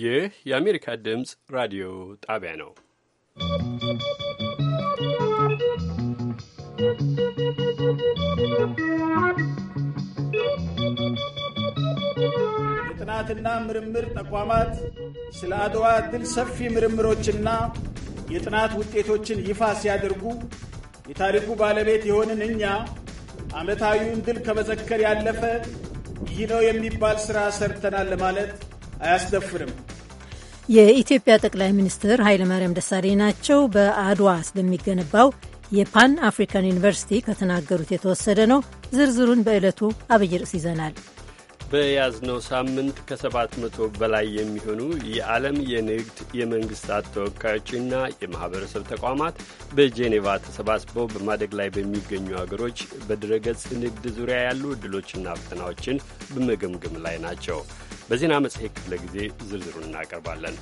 ይህ የአሜሪካ ድምፅ ራዲዮ ጣቢያ ነው። የጥናትና ምርምር ተቋማት ስለ አድዋ ድል ሰፊ ምርምሮችና የጥናት ውጤቶችን ይፋ ሲያደርጉ የታሪኩ ባለቤት የሆንን እኛ ዓመታዊውን ድል ከመዘከር ያለፈ ይህ ነው የሚባል ስራ ሰርተናል ለማለት አያስደፍርም። የኢትዮጵያ ጠቅላይ ሚኒስትር ኃይለማርያም ደሳለኝ ናቸው። በአድዋ ስለሚገነባው የፓን አፍሪካን ዩኒቨርሲቲ ከተናገሩት የተወሰደ ነው። ዝርዝሩን በዕለቱ አብይ ርዕስ ይዘናል። በያዝነው ሳምንት ከሰባት መቶ በላይ የሚሆኑ የዓለም የንግድ የመንግስታት ተወካዮችና የማህበረሰብ ተቋማት በጄኔቫ ተሰባስበው በማደግ ላይ በሚገኙ አገሮች በድረገጽ ንግድ ዙሪያ ያሉ እድሎችና ፈተናዎችን በመገምገም ላይ ናቸው። በዜና መጽሔት ክፍለ ጊዜ ዝርዝሩን እናቀርባለን።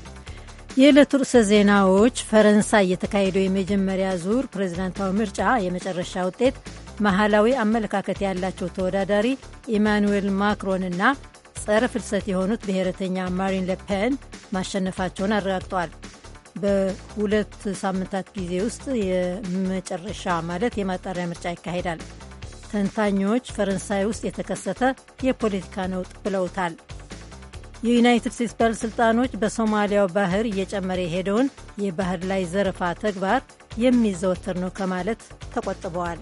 የዕለቱ ርዕሰ ዜናዎች ፈረንሳይ የተካሄደው የመጀመሪያ ዙር ፕሬዚዳንታዊ ምርጫ የመጨረሻ ውጤት መሃላዊ አመለካከት ያላቸው ተወዳዳሪ ኢማኑዌል እና ጸረ ፍልሰት የሆኑት ብሔረተኛ ማሪን ለፔን ማሸነፋቸውን አረጋግጠዋል። በሁለት ሳምንታት ጊዜ ውስጥ የመጨረሻ ማለት የማጣሪያ ምርጫ ይካሄዳል። ተንታኞች ፈረንሳይ ውስጥ የተከሰተ የፖለቲካ ነውጥ ብለውታል። የዩናይትድ ስቴትስ ባለሥልጣኖች በሶማሊያው ባህር እየጨመረ የሄደውን የባህር ላይ ዘረፋ ተግባር የሚዘወትር ነው ከማለት ተቆጥበዋል።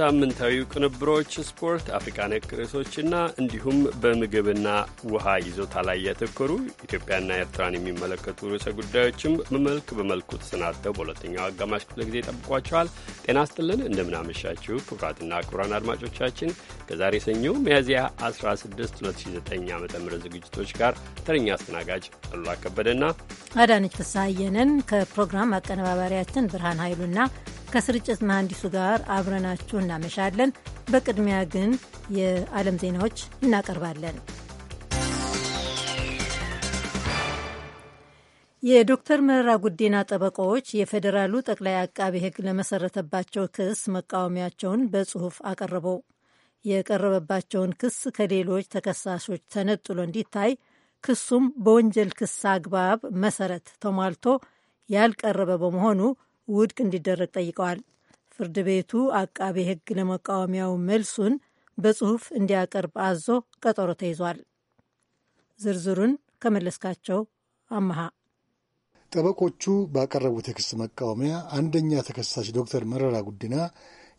ሳምንታዊ ቅንብሮች፣ ስፖርት፣ አፍሪካ ነክ ርዕሶችና እንዲሁም በምግብና ውሃ ይዞታ ላይ ያተኮሩ ኢትዮጵያና ኤርትራን የሚመለከቱ ርዕሰ ጉዳዮችም በመልክ በመልኩ ተሰናድተው በሁለተኛው አጋማሽ ክፍለ ጊዜ ጠብቋቸዋል። ጤና ስጥልን፣ እንደምናመሻችሁ ክቡራትና ክቡራን አድማጮቻችን ከዛሬ ሰኞ ሚያዝያ 16 2009 ዓ ም ዝግጅቶች ጋር ተረኛ አስተናጋጅ አሉላ ከበደና አዳነች ፍስሐየንን ከፕሮግራም አቀነባባሪያችን ብርሃን ኃይሉና ከስርጭት መሐንዲሱ ጋር አብረናችሁ እናመሻለን። በቅድሚያ ግን የዓለም ዜናዎች እናቀርባለን። የዶክተር መረራ ጉዲና ጠበቃዎች የፌዴራሉ ጠቅላይ አቃቢ ሕግ ለመሰረተባቸው ክስ መቃወሚያቸውን በጽሑፍ አቀረበው። የቀረበባቸውን ክስ ከሌሎች ተከሳሾች ተነጥሎ እንዲታይ ክሱም በወንጀል ክስ አግባብ መሰረት ተሟልቶ ያልቀረበ በመሆኑ ውድቅ እንዲደረግ ጠይቀዋል። ፍርድ ቤቱ አቃቤ ሕግ ለመቃወሚያው መልሱን በጽሁፍ እንዲያቀርብ አዞ ቀጠሮ ተይዟል። ዝርዝሩን ከመለስካቸው አመሃ ጠበቆቹ ባቀረቡት የክስ መቃወሚያ አንደኛ ተከሳሽ ዶክተር መረራ ጉዲና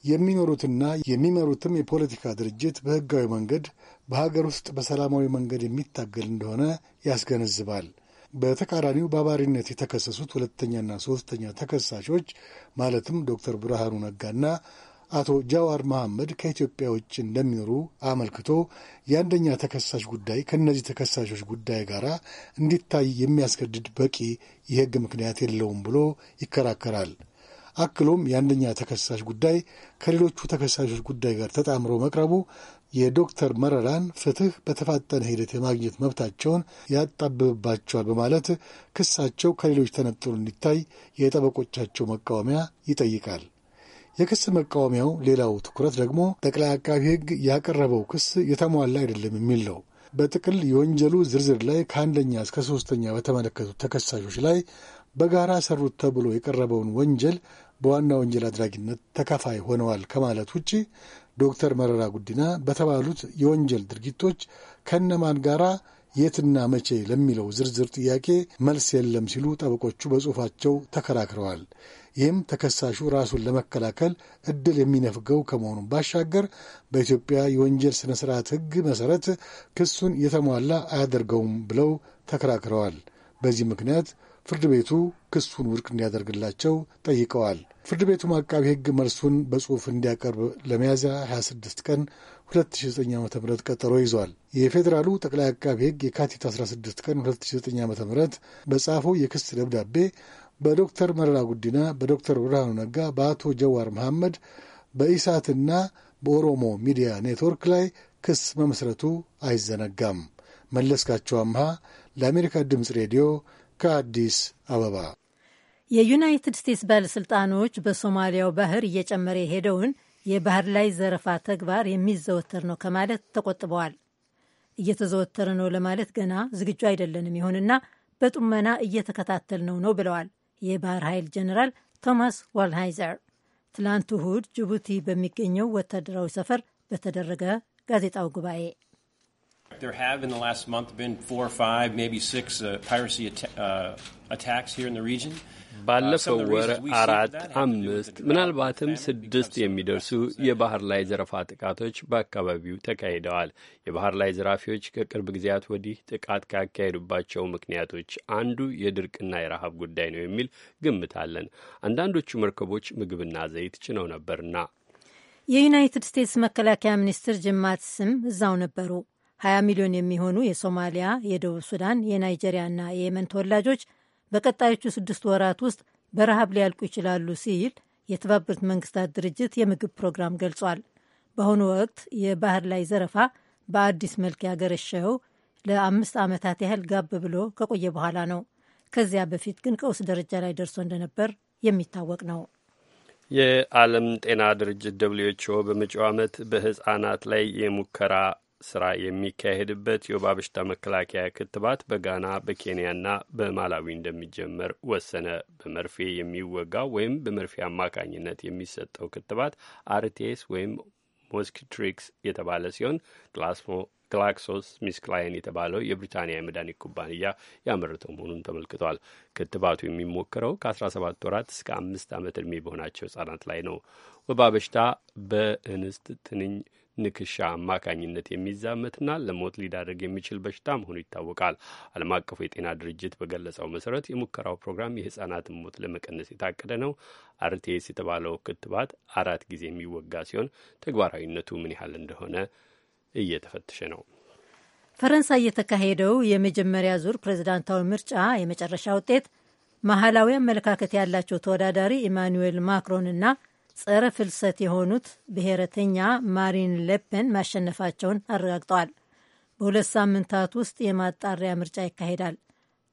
የሚኖሩትና የሚመሩትም የፖለቲካ ድርጅት በህጋዊ መንገድ በሀገር ውስጥ በሰላማዊ መንገድ የሚታገል እንደሆነ ያስገነዝባል። በተቃራኒው በአባሪነት የተከሰሱት ሁለተኛና ሶስተኛ ተከሳሾች ማለትም ዶክተር ብርሃኑ ነጋና አቶ ጃዋር መሐመድ ከኢትዮጵያ ውጭ እንደሚኖሩ አመልክቶ የአንደኛ ተከሳሽ ጉዳይ ከእነዚህ ተከሳሾች ጉዳይ ጋር እንዲታይ የሚያስገድድ በቂ የሕግ ምክንያት የለውም ብሎ ይከራከራል። አክሎም የአንደኛ ተከሳሽ ጉዳይ ከሌሎቹ ተከሳሾች ጉዳይ ጋር ተጣምሮ መቅረቡ የዶክተር መረራን ፍትህ በተፋጠነ ሂደት የማግኘት መብታቸውን ያጣብብባቸዋል በማለት ክሳቸው ከሌሎች ተነጥሎ እንዲታይ የጠበቆቻቸው መቃወሚያ ይጠይቃል። የክስ መቃወሚያው ሌላው ትኩረት ደግሞ ጠቅላይ አቃቢ ሕግ ያቀረበው ክስ የተሟላ አይደለም የሚል ነው። በጥቅል የወንጀሉ ዝርዝር ላይ ከአንደኛ እስከ ሶስተኛ በተመለከቱት ተከሳሾች ላይ በጋራ ሰሩት ተብሎ የቀረበውን ወንጀል በዋና ወንጀል አድራጊነት ተካፋይ ሆነዋል ከማለት ውጪ ዶክተር መረራ ጉዲና በተባሉት የወንጀል ድርጊቶች ከነማን ጋራ የትና መቼ ለሚለው ዝርዝር ጥያቄ መልስ የለም ሲሉ ጠበቆቹ በጽሑፋቸው ተከራክረዋል። ይህም ተከሳሹ ራሱን ለመከላከል እድል የሚነፍገው ከመሆኑም ባሻገር በኢትዮጵያ የወንጀል ስነ ስርዓት ሕግ መሠረት ክሱን የተሟላ አያደርገውም ብለው ተከራክረዋል። በዚህ ምክንያት ፍርድ ቤቱ ክሱን ውድቅ እንዲያደርግላቸው ጠይቀዋል። ፍርድ ቤቱም አቃቢ ሕግ መልሱን በጽሑፍ እንዲያቀርብ ለሚያዝያ 26 ቀን 2009 ዓ ም ቀጠሮ ይዟል። የፌዴራሉ ጠቅላይ አቃቢ ሕግ የካቲት 16 ቀን 2009 ዓ ም በጻፈው የክስ ደብዳቤ በዶክተር መረራ ጉዲና፣ በዶክተር ብርሃኑ ነጋ፣ በአቶ ጀዋር መሐመድ፣ በኢሳትና በኦሮሞ ሚዲያ ኔትወርክ ላይ ክስ መመስረቱ አይዘነጋም። መለስካቸው አምሃ ለአሜሪካ ድምፅ ሬዲዮ ከአዲስ አበባ የዩናይትድ ስቴትስ ባለሥልጣኖች በሶማሊያው ባህር እየጨመረ የሄደውን የባህር ላይ ዘረፋ ተግባር የሚዘወተር ነው ከማለት ተቆጥበዋል። እየተዘወተረ ነው ለማለት ገና ዝግጁ አይደለንም፣ ይሁንና በጡመና እየተከታተል ነው ነው ብለዋል የባህር ኃይል ጀኔራል ቶማስ ዋልሃይዘር ትላንት እሁድ ጅቡቲ በሚገኘው ወታደራዊ ሰፈር በተደረገ ጋዜጣዊ ጉባኤ። ባለፈው ወር አራት፣ አምስት ምናልባትም ስድስት የሚደርሱ የባህር ላይ ዘረፋ ጥቃቶች በአካባቢው ተካሂደዋል። የባህር ላይ ዘራፊዎች ከቅርብ ጊዜያት ወዲህ ጥቃት ካካሄዱባቸው ምክንያቶች አንዱ የድርቅና የረሃብ ጉዳይ ነው የሚል ግምት አለን። አንዳንዶቹ መርከቦች ምግብና ዘይት ጭነው ነበርና። የዩናይትድ ስቴትስ መከላከያ ሚኒስትር ጂም ማቲስም እዛው ነበሩ። 20 ሚሊዮን የሚሆኑ የሶማሊያ፣ የደቡብ ሱዳን፣ የናይጄሪያና የየመን ተወላጆች በቀጣዮቹ ስድስት ወራት ውስጥ በረሃብ ሊያልቁ ይችላሉ ሲል የተባበሩት መንግስታት ድርጅት የምግብ ፕሮግራም ገልጿል። በአሁኑ ወቅት የባህር ላይ ዘረፋ በአዲስ መልክ ያገረሸው ለአምስት ዓመታት ያህል ጋብ ብሎ ከቆየ በኋላ ነው። ከዚያ በፊት ግን ቀውስ ደረጃ ላይ ደርሶ እንደነበር የሚታወቅ ነው። የዓለም ጤና ድርጅት ደብሊው በመጪው ዓመት በሕፃናት ላይ የሙከራ ስራ የሚካሄድበት የወባ በሽታ መከላከያ ክትባት በጋና በኬንያና በማላዊ እንደሚጀመር ወሰነ። በመርፌ የሚወጋው ወይም በመርፌ አማካኝነት የሚሰጠው ክትባት አርቴስ ወይም ሞስኪትሪክስ የተባለ ሲሆን ግላክሶስ ሚስ ክላይን የተባለው የብሪታንያ የመድኃኒት ኩባንያ ያመረተው መሆኑን ተመልክቷል። ክትባቱ የሚሞክረው ከ17 ወራት እስከ አምስት ዓመት ዕድሜ በሆናቸው ህጻናት ላይ ነው። ወባ በሽታ በእንስት ትንኝ ንክሻ አማካኝነት የሚዛመትና ለሞት ሊዳረግ የሚችል በሽታ መሆኑ ይታወቃል። ዓለም አቀፉ የጤና ድርጅት በገለጸው መሰረት የሙከራው ፕሮግራም የህጻናትን ሞት ለመቀነስ የታቀደ ነው። አርቴስ የተባለው ክትባት አራት ጊዜ የሚወጋ ሲሆን ተግባራዊነቱ ምን ያህል እንደሆነ እየተፈተሸ ነው። ፈረንሳይ የተካሄደው የመጀመሪያ ዙር ፕሬዝዳንታዊ ምርጫ የመጨረሻ ውጤት መሐላዊ አመለካከት ያላቸው ተወዳዳሪ ኢማኑዌል ማክሮን እና ጸረ ፍልሰት የሆኑት ብሔረተኛ ማሪን ሌፔን ማሸነፋቸውን አረጋግጠዋል። በሁለት ሳምንታት ውስጥ የማጣሪያ ምርጫ ይካሄዳል።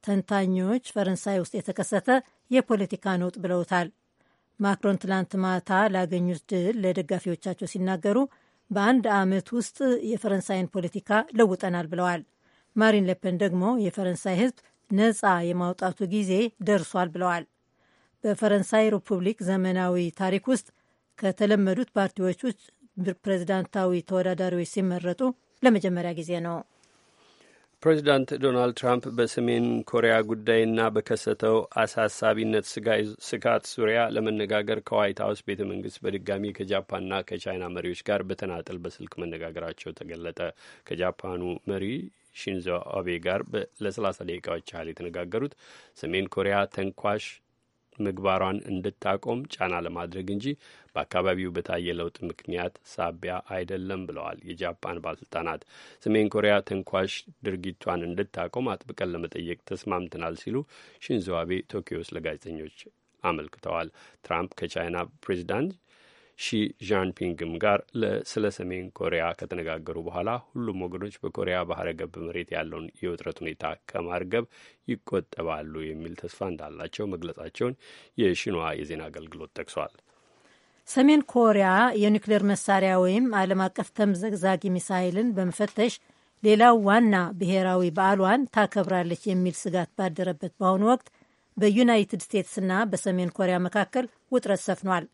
ተንታኞች ፈረንሳይ ውስጥ የተከሰተ የፖለቲካ ነውጥ ብለውታል። ማክሮን ትላንት ማታ ላገኙት ድል ለደጋፊዎቻቸው ሲናገሩ በአንድ ዓመት ውስጥ የፈረንሳይን ፖለቲካ ለውጠናል ብለዋል። ማሪን ሌፔን ደግሞ የፈረንሳይ ሕዝብ ነፃ የማውጣቱ ጊዜ ደርሷል ብለዋል። በፈረንሳይ ሪፑብሊክ ዘመናዊ ታሪክ ውስጥ ከተለመዱት ፓርቲዎች ውስጥ ፕሬዚዳንታዊ ተወዳዳሪዎች ሲመረጡ ለመጀመሪያ ጊዜ ነው። ፕሬዚዳንት ዶናልድ ትራምፕ በሰሜን ኮሪያ ጉዳይና በከሰተው አሳሳቢነት ስጋት ዙሪያ ለመነጋገር ከዋይት ሀውስ ቤተ መንግስት በድጋሚ ከጃፓንና ከቻይና መሪዎች ጋር በተናጠል በስልክ መነጋገራቸው ተገለጠ። ከጃፓኑ መሪ ሺንዞ አቤ ጋር ለሰላሳ ደቂቃዎች ያህል የተነጋገሩት ሰሜን ኮሪያ ተንኳሽ ምግባሯን እንድታቆም ጫና ለማድረግ እንጂ በአካባቢው በታየ ለውጥ ምክንያት ሳቢያ አይደለም ብለዋል የጃፓን ባለስልጣናት። ሰሜን ኮሪያ ተንኳሽ ድርጊቷን እንድታቆም አጥብቀን ለመጠየቅ ተስማምተናል ሲሉ ሽንዞ አቤ ቶኪዮ ውስጥ ለጋዜጠኞች አመልክተዋል። ትራምፕ ከቻይና ፕሬዚዳንት ሺ ዣንፒንግም ጋር ስለ ሰሜን ኮሪያ ከተነጋገሩ በኋላ ሁሉም ወገኖች በኮሪያ ባህረ ገብ መሬት ያለውን የውጥረት ሁኔታ ከማርገብ ይቆጠባሉ የሚል ተስፋ እንዳላቸው መግለጻቸውን የሽንዋ የዜና አገልግሎት ጠቅሷል። ሰሜን ኮሪያ የኒውክሌር መሳሪያ ወይም ዓለም አቀፍ ተምዘግዛጊ ሚሳይልን በመፈተሽ ሌላው ዋና ብሔራዊ በዓሏን ታከብራለች የሚል ስጋት ባደረበት በአሁኑ ወቅት በዩናይትድ ስቴትስና በሰሜን ኮሪያ መካከል ውጥረት ሰፍኗል።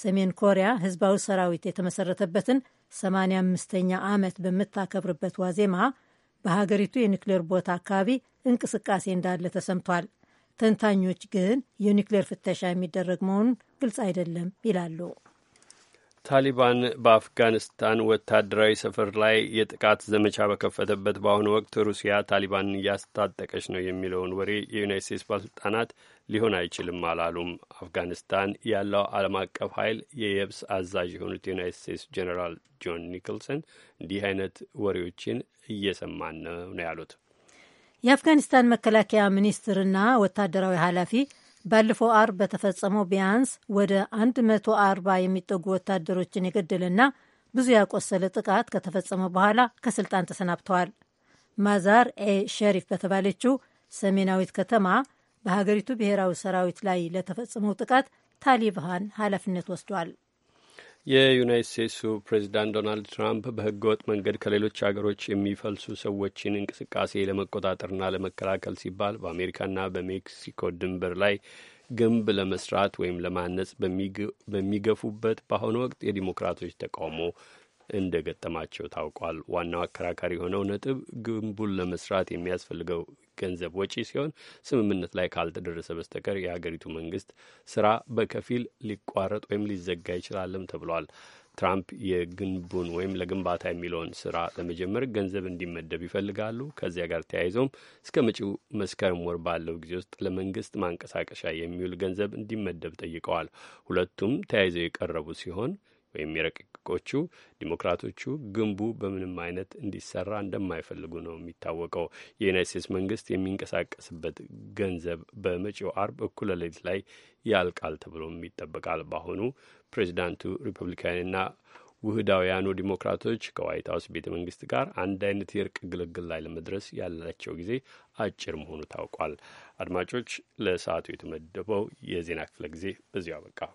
ሰሜን ኮሪያ ህዝባዊ ሰራዊት የተመሰረተበትን 85ኛ ዓመት በምታከብርበት ዋዜማ በሀገሪቱ የኒክሌር ቦታ አካባቢ እንቅስቃሴ እንዳለ ተሰምቷል። ተንታኞች ግን የኒክሌር ፍተሻ የሚደረግ መሆኑን ግልጽ አይደለም ይላሉ። ታሊባን በአፍጋኒስታን ወታደራዊ ሰፈር ላይ የጥቃት ዘመቻ በከፈተበት በአሁኑ ወቅት ሩሲያ ታሊባንን እያስታጠቀች ነው የሚለውን ወሬ የዩናይት ስቴትስ ባለስልጣናት ሊሆን አይችልም አላሉም። አፍጋኒስታን ያለው ዓለም አቀፍ ኃይል የየብስ አዛዥ የሆኑት የዩናይት ስቴትስ ጀኔራል ጆን ኒክልሰን እንዲህ አይነት ወሬዎችን እየሰማን ነው ነው ያሉት። የአፍጋኒስታን መከላከያ ሚኒስትርና ወታደራዊ ኃላፊ ባለፈው አርብ በተፈጸመው ቢያንስ ወደ 140 የሚጠጉ ወታደሮችን የገደለና ብዙ ያቆሰለ ጥቃት ከተፈጸመ በኋላ ከስልጣን ተሰናብተዋል። ማዛር ኤ ሸሪፍ በተባለችው ሰሜናዊት ከተማ በሀገሪቱ ብሔራዊ ሰራዊት ላይ ለተፈጸመው ጥቃት ታሊባን ኃላፊነት ወስዷል። የዩናይት ስቴትሱ ፕሬዚዳንት ዶናልድ ትራምፕ በህገ ወጥ መንገድ ከሌሎች አገሮች የሚፈልሱ ሰዎችን እንቅስቃሴ ለመቆጣጠርና ለመከላከል ሲባል በአሜሪካና በሜክሲኮ ድንበር ላይ ግንብ ለመስራት ወይም ለማነጽ በሚገፉበት በአሁኑ ወቅት የዲሞክራቶች ተቃውሞ እንደገጠማቸው ታውቋል። ዋናው አከራካሪ የሆነው ነጥብ ግንቡን ለመስራት የሚያስፈልገው ገንዘብ ወጪ ሲሆን ስምምነት ላይ ካልተደረሰ በስተቀር የሀገሪቱ መንግስት ስራ በከፊል ሊቋረጥ ወይም ሊዘጋ ይችላልም ተብሏል። ትራምፕ የግንቡን ወይም ለግንባታ የሚለውን ስራ ለመጀመር ገንዘብ እንዲመደብ ይፈልጋሉ። ከዚያ ጋር ተያይዞም እስከ መጪው መስከረም ወር ባለው ጊዜ ውስጥ ለመንግስት ማንቀሳቀሻ የሚውል ገንዘብ እንዲመደብ ጠይቀዋል። ሁለቱም ተያይዘው የቀረቡ ሲሆን ወይም የረቂቅ ሐቆቹ ዲሞክራቶቹ ግንቡ በምንም አይነት እንዲሰራ እንደማይፈልጉ ነው የሚታወቀው። የዩናይት ስቴትስ መንግስት የሚንቀሳቀስበት ገንዘብ በመጪው አርብ እኩለ ሌሊት ላይ ያልቃል ተብሎም ይጠበቃል። በአሁኑ ፕሬዚዳንቱ ሪፐብሊካንና ውህዳውያኑ ዲሞክራቶች ከዋይት ሀውስ ቤተ መንግስት ጋር አንድ አይነት የእርቅ ግልግል ላይ ለመድረስ ያላቸው ጊዜ አጭር መሆኑ ታውቋል። አድማጮች፣ ለሰዓቱ የተመደበው የዜና ክፍለ ጊዜ በዚሁ አበቃ።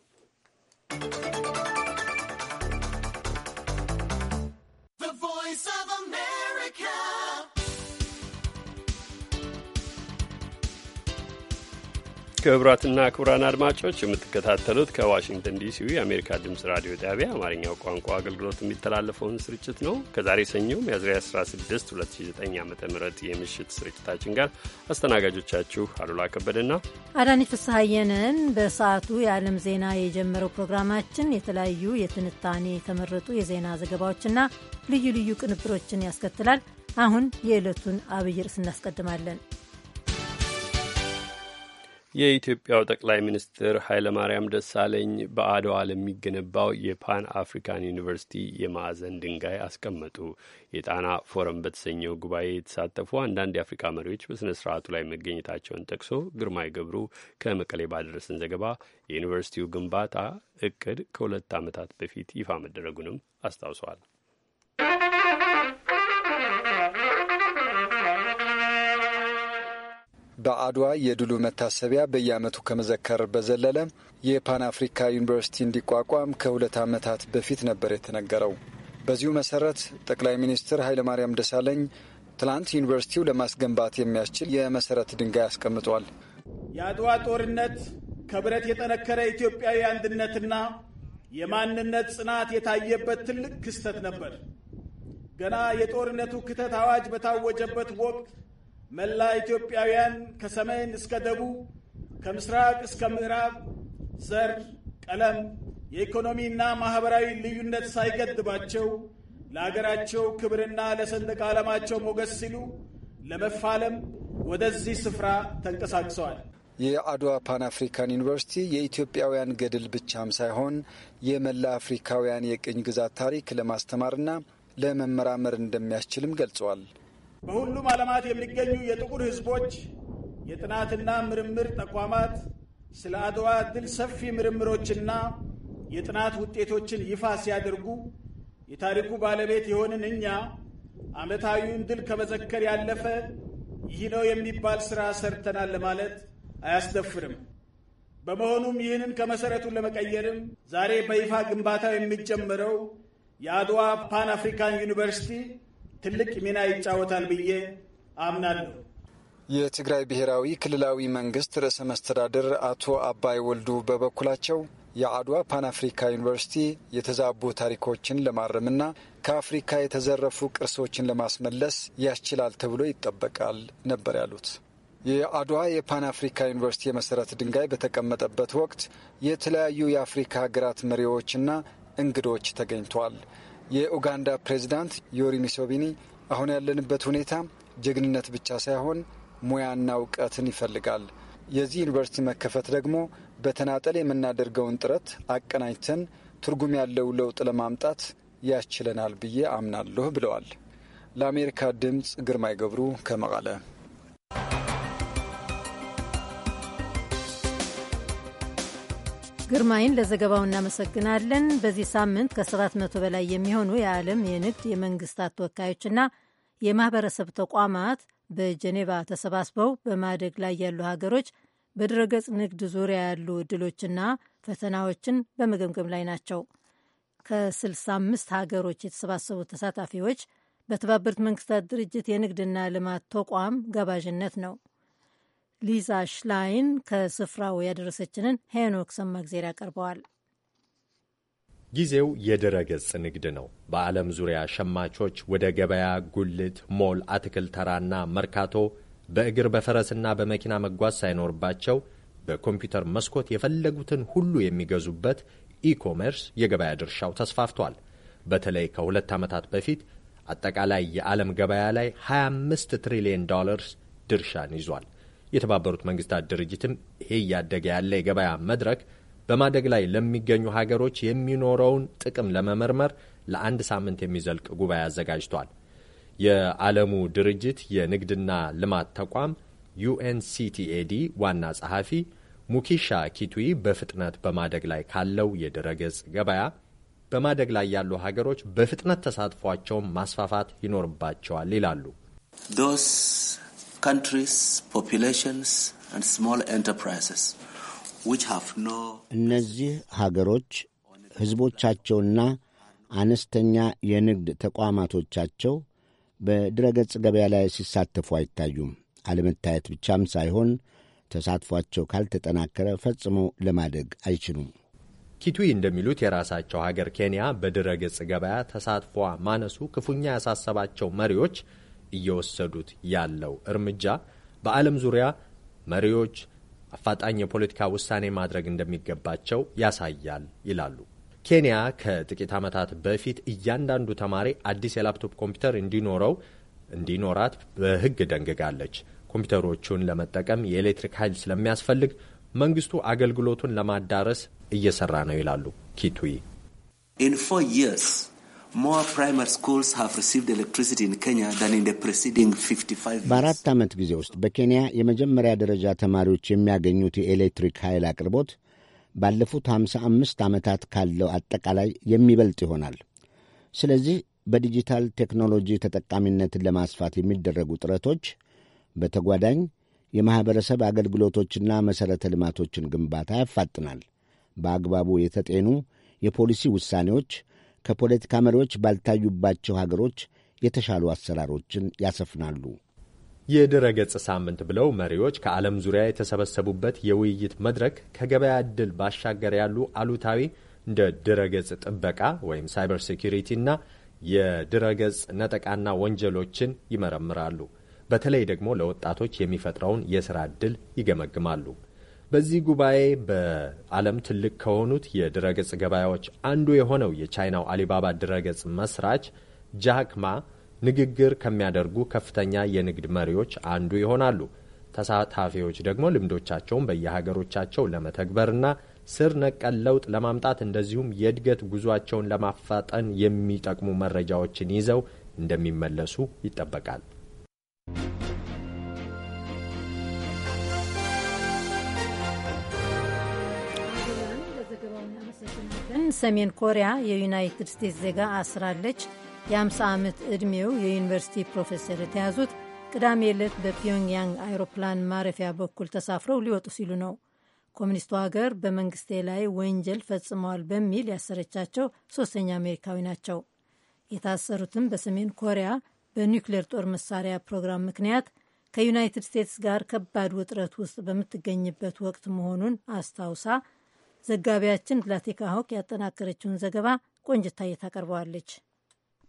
ክቡራትና ክቡራን አድማጮች የምትከታተሉት ከዋሽንግተን ዲሲ የአሜሪካ ድምፅ ራዲዮ ጣቢያ አማርኛው ቋንቋ አገልግሎት የሚተላለፈውን ስርጭት ነው። ከዛሬ ሰኞ ሚያዝያ 16 2009 ዓ ም የምሽት ስርጭታችን ጋር አስተናጋጆቻችሁ አሉላ ከበደና አዳኒ ፍስሐየንን በሰዓቱ የዓለም ዜና የጀመረው ፕሮግራማችን የተለያዩ የትንታኔ የተመረጡ የዜና ዘገባዎችና ልዩ ልዩ ቅንብሮችን ያስከትላል። አሁን የዕለቱን አብይ ርዕስ እናስቀድማለን። የኢትዮጵያው ጠቅላይ ሚኒስትር ኃይለማርያም ደሳለኝ በአድዋ ለሚገነባው የፓን አፍሪካን ዩኒቨርሲቲ የማዕዘን ድንጋይ አስቀመጡ። የጣና ፎረም በተሰኘው ጉባኤ የተሳተፉ አንዳንድ የአፍሪካ መሪዎች በሥነ ስርዓቱ ላይ መገኘታቸውን ጠቅሶ ግርማይ ገብሩ ከመቀሌ ባደረሰን ዘገባ የዩኒቨርሲቲው ግንባታ እቅድ ከሁለት ዓመታት በፊት ይፋ መደረጉንም አስታውሰዋል። በአድዋ የድሉ መታሰቢያ በየዓመቱ ከመዘከር በዘለለ የፓን አፍሪካ ዩኒቨርሲቲ እንዲቋቋም ከሁለት ዓመታት በፊት ነበር የተነገረው። በዚሁ መሰረት ጠቅላይ ሚኒስትር ኃይለማርያም ደሳለኝ ትላንት ዩኒቨርሲቲው ለማስገንባት የሚያስችል የመሰረት ድንጋይ አስቀምጧል። የአድዋ ጦርነት ከብረት የጠነከረ ኢትዮጵያዊ አንድነትና የማንነት ጽናት የታየበት ትልቅ ክስተት ነበር። ገና የጦርነቱ ክተት አዋጅ በታወጀበት ወቅት መላ ኢትዮጵያውያን ከሰሜን እስከ ደቡብ ከምስራቅ እስከ ምዕራብ ዘር፣ ቀለም፣ የኢኮኖሚና ማህበራዊ ልዩነት ሳይገድባቸው ለአገራቸው ክብርና ለሰንደቅ ዓላማቸው ሞገስ ሲሉ ለመፋለም ወደዚህ ስፍራ ተንቀሳቅሰዋል። የአድዋ ፓን አፍሪካን ዩኒቨርሲቲ የኢትዮጵያውያን ገድል ብቻም ሳይሆን የመላ አፍሪካውያን የቅኝ ግዛት ታሪክ ለማስተማርና ለመመራመር እንደሚያስችልም ገልጸዋል። በሁሉም ዓለማት የሚገኙ የጥቁር ህዝቦች የጥናትና ምርምር ተቋማት ስለ አድዋ ድል ሰፊ ምርምሮችና የጥናት ውጤቶችን ይፋ ሲያደርጉ የታሪኩ ባለቤት የሆንን እኛ ዓመታዊውን ድል ከመዘከር ያለፈ ይህ ነው የሚባል ሥራ ሰርተናል ለማለት አያስደፍርም። በመሆኑም ይህንን ከመሠረቱ ለመቀየርም ዛሬ በይፋ ግንባታው የሚጀመረው የአድዋ ፓን አፍሪካን ዩኒቨርሲቲ ትልቅ ሚና ይጫወታል ብዬ አምናለሁ። የትግራይ ብሔራዊ ክልላዊ መንግስት ርዕሰ መስተዳድር አቶ አባይ ወልዱ በበኩላቸው የአድዋ ፓን አፍሪካ ዩኒቨርሲቲ የተዛቡ ታሪኮችን ለማረምና ከአፍሪካ የተዘረፉ ቅርሶችን ለማስመለስ ያስችላል ተብሎ ይጠበቃል ነበር ያሉት። የአድዋ የፓን አፍሪካ ዩኒቨርሲቲ የመሠረት ድንጋይ በተቀመጠበት ወቅት የተለያዩ የአፍሪካ ሀገራት መሪዎችና እንግዶች ተገኝተዋል። የኡጋንዳ ፕሬዚዳንት ዮሪ ሚሶቢኒ አሁን ያለንበት ሁኔታ ጀግንነት ብቻ ሳይሆን ሙያና እውቀትን ይፈልጋል። የዚህ ዩኒቨርሲቲ መከፈት ደግሞ በተናጠል የምናደርገውን ጥረት አቀናጅተን ትርጉም ያለው ለውጥ ለማምጣት ያስችለናል ብዬ አምናለሁ ብለዋል። ለአሜሪካ ድምፅ ግርማይ ገብሩ ከመቀለ። ግርማይን ለዘገባው እናመሰግናለን። በዚህ ሳምንት ከ700 በላይ የሚሆኑ የዓለም የንግድ የመንግስታት ተወካዮችና የማህበረሰብ ተቋማት በጀኔቫ ተሰባስበው በማደግ ላይ ያሉ ሀገሮች በድረገጽ ንግድ ዙሪያ ያሉ እድሎችና ፈተናዎችን በመገምገም ላይ ናቸው። ከ65 ሀገሮች የተሰባሰቡ ተሳታፊዎች በተባበሩት መንግስታት ድርጅት የንግድና ልማት ተቋም ጋባዥነት ነው ሊዛ ሽላይን ከስፍራው ያደረሰችንን ሄኖክ ሰማግዜር ያቀርበዋል። ጊዜው የድረገጽ ንግድ ነው። በዓለም ዙሪያ ሸማቾች ወደ ገበያ፣ ጉልት፣ ሞል፣ አትክልት ተራና መርካቶ በእግር በፈረስና በመኪና መጓዝ ሳይኖርባቸው በኮምፒውተር መስኮት የፈለጉትን ሁሉ የሚገዙበት ኢኮሜርስ የገበያ ድርሻው ተስፋፍቷል። በተለይ ከሁለት ዓመታት በፊት አጠቃላይ የዓለም ገበያ ላይ 25 ትሪሊዮን ዶላርስ ድርሻን ይዟል። የተባበሩት መንግስታት ድርጅትም ይሄ እያደገ ያለ የገበያ መድረክ በማደግ ላይ ለሚገኙ ሀገሮች የሚኖረውን ጥቅም ለመመርመር ለአንድ ሳምንት የሚዘልቅ ጉባኤ አዘጋጅቷል። የዓለሙ ድርጅት የንግድና ልማት ተቋም ዩኤንሲቲኤዲ ዋና ጸሐፊ ሙኪሻ ኪቱይ በፍጥነት በማደግ ላይ ካለው የድረገጽ ገበያ በማደግ ላይ ያሉ ሀገሮች በፍጥነት ተሳትፏቸውን ማስፋፋት ይኖርባቸዋል ይላሉ። እነዚህ ሀገሮች ሕዝቦቻቸውና አነስተኛ የንግድ ተቋማቶቻቸው በድረገጽ ገበያ ላይ ሲሳተፉ አይታዩም። አለመታየት ብቻም ሳይሆን ተሳትፏቸው ካልተጠናከረ ፈጽሞ ለማደግ አይችሉም። ኪቱይ እንደሚሉት የራሳቸው ሀገር ኬንያ በድረገጽ ገበያ ተሳትፏ ማነሱ ክፉኛ ያሳሰባቸው መሪዎች እየወሰዱት ያለው እርምጃ በዓለም ዙሪያ መሪዎች አፋጣኝ የፖለቲካ ውሳኔ ማድረግ እንደሚገባቸው ያሳያል ይላሉ። ኬንያ ከጥቂት ዓመታት በፊት እያንዳንዱ ተማሪ አዲስ የላፕቶፕ ኮምፒውተር እንዲኖረው እንዲኖራት በሕግ ደንግጋለች። ኮምፒውተሮቹን ለመጠቀም የኤሌክትሪክ ኃይል ስለሚያስፈልግ መንግስቱ አገልግሎቱን ለማዳረስ እየሰራ ነው ይላሉ ኪቱይ። በአራት ዓመት ጊዜ ውስጥ በኬንያ የመጀመሪያ ደረጃ ተማሪዎች የሚያገኙት የኤሌክትሪክ ኃይል አቅርቦት ባለፉት 55 ዓመታት ካለው አጠቃላይ የሚበልጥ ይሆናል። ስለዚህ በዲጂታል ቴክኖሎጂ ተጠቃሚነትን ለማስፋት የሚደረጉ ጥረቶች በተጓዳኝ የማኅበረሰብ አገልግሎቶችና መሠረተ ልማቶችን ግንባታ ያፋጥናል። በአግባቡ የተጤኑ የፖሊሲ ውሳኔዎች ከፖለቲካ መሪዎች ባልታዩባቸው ሀገሮች የተሻሉ አሰራሮችን ያሰፍናሉ። የድረገጽ ሳምንት ብለው መሪዎች ከዓለም ዙሪያ የተሰበሰቡበት የውይይት መድረክ ከገበያ እድል ባሻገር ያሉ አሉታዊ እንደ ድረገጽ ጥበቃ ወይም ሳይበር ሴኪሪቲና የድረገጽ ነጠቃና ወንጀሎችን ይመረምራሉ። በተለይ ደግሞ ለወጣቶች የሚፈጥረውን የሥራ ዕድል ይገመግማሉ። በዚህ ጉባኤ በዓለም ትልቅ ከሆኑት የድረገጽ ገበያዎች አንዱ የሆነው የቻይናው አሊባባ ድረገጽ መስራች ጃክማ ንግግር ከሚያደርጉ ከፍተኛ የንግድ መሪዎች አንዱ ይሆናሉ። ተሳታፊዎች ደግሞ ልምዶቻቸውን በየሀገሮቻቸው ለመተግበርና ስር ነቀል ለውጥ ለማምጣት እንደዚሁም የእድገት ጉዟቸውን ለማፋጠን የሚጠቅሙ መረጃዎችን ይዘው እንደሚመለሱ ይጠበቃል። ሰሜን ኮሪያ የዩናይትድ ስቴትስ ዜጋ አስራለች። የ50 ዓመት ዕድሜው የዩኒቨርሲቲ ፕሮፌሰር የተያዙት ቅዳሜ ዕለት በፒዮንግያንግ አይሮፕላን ማረፊያ በኩል ተሳፍረው ሊወጡ ሲሉ ነው። ኮሚኒስቱ ሀገር በመንግስቴ ላይ ወንጀል ፈጽመዋል በሚል ያሰረቻቸው ሶስተኛ አሜሪካዊ ናቸው። የታሰሩትም በሰሜን ኮሪያ በኒውክሌር ጦር መሳሪያ ፕሮግራም ምክንያት ከዩናይትድ ስቴትስ ጋር ከባድ ውጥረት ውስጥ በምትገኝበት ወቅት መሆኑን አስታውሳ ዘጋቢያችን ላቲካ ሆክ ያጠናከረችውን ዘገባ ቆንጅታ ታቀርበዋለች።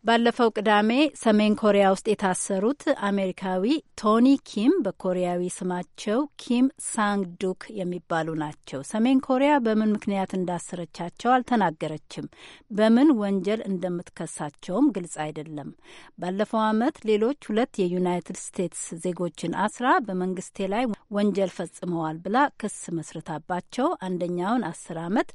ባለፈው ቅዳሜ ሰሜን ኮሪያ ውስጥ የታሰሩት አሜሪካዊ ቶኒ ኪም በኮሪያዊ ስማቸው ኪም ሳንግ ዱክ የሚባሉ ናቸው። ሰሜን ኮሪያ በምን ምክንያት እንዳሰረቻቸው አልተናገረችም። በምን ወንጀል እንደምትከሳቸውም ግልጽ አይደለም። ባለፈው ዓመት ሌሎች ሁለት የዩናይትድ ስቴትስ ዜጎችን አስራ በመንግስቴ ላይ ወንጀል ፈጽመዋል ብላ ክስ መስርታባቸው አንደኛውን አስር ዓመት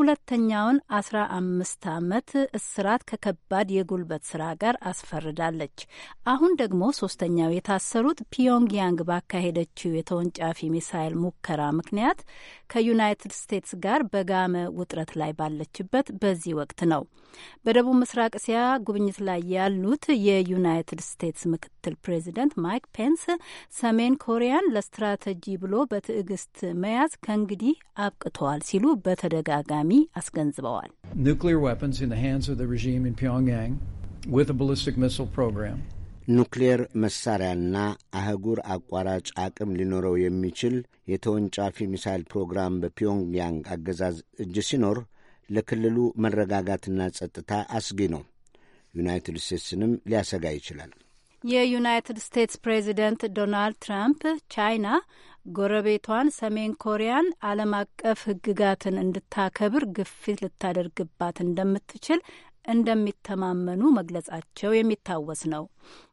ሁለተኛውን አስራ አምስት ዓመት እስራት ከከባድ የጉል የጉልበት ስራ ጋር አስፈርዳለች። አሁን ደግሞ ሶስተኛው የታሰሩት ፒዮንግያንግ ባካሄደችው የተወንጫፊ ሚሳይል ሙከራ ምክንያት ከዩናይትድ ስቴትስ ጋር በጋመ ውጥረት ላይ ባለችበት በዚህ ወቅት ነው። በደቡብ ምስራቅ እስያ ጉብኝት ላይ ያሉት የዩናይትድ ስቴትስ ምክትል ፕሬዚደንት ማይክ ፔንስ ሰሜን ኮሪያን ለስትራቴጂ ብሎ በትዕግስት መያዝ ከእንግዲህ አብቅተዋል ሲሉ በተደጋጋሚ አስገንዝበዋል። ኑክሌር መሳሪያና አህጉር አቋራጭ አቅም ሊኖረው የሚችል የተወንጫፊ ሚሳይል ፕሮግራም በፒዮንግያንግ አገዛዝ እጅ ሲኖር ለክልሉ መረጋጋትና ጸጥታ አስጊ ነው። ዩናይትድ ስቴትስንም ሊያሰጋ ይችላል። የዩናይትድ ስቴትስ ፕሬዚደንት ዶናልድ ትራምፕ ቻይና ጎረቤቷን ሰሜን ኮሪያን ዓለም አቀፍ ሕግጋትን እንድታከብር ግፊት ልታደርግባት እንደምትችል እንደሚተማመኑ መግለጻቸው የሚታወስ ነው።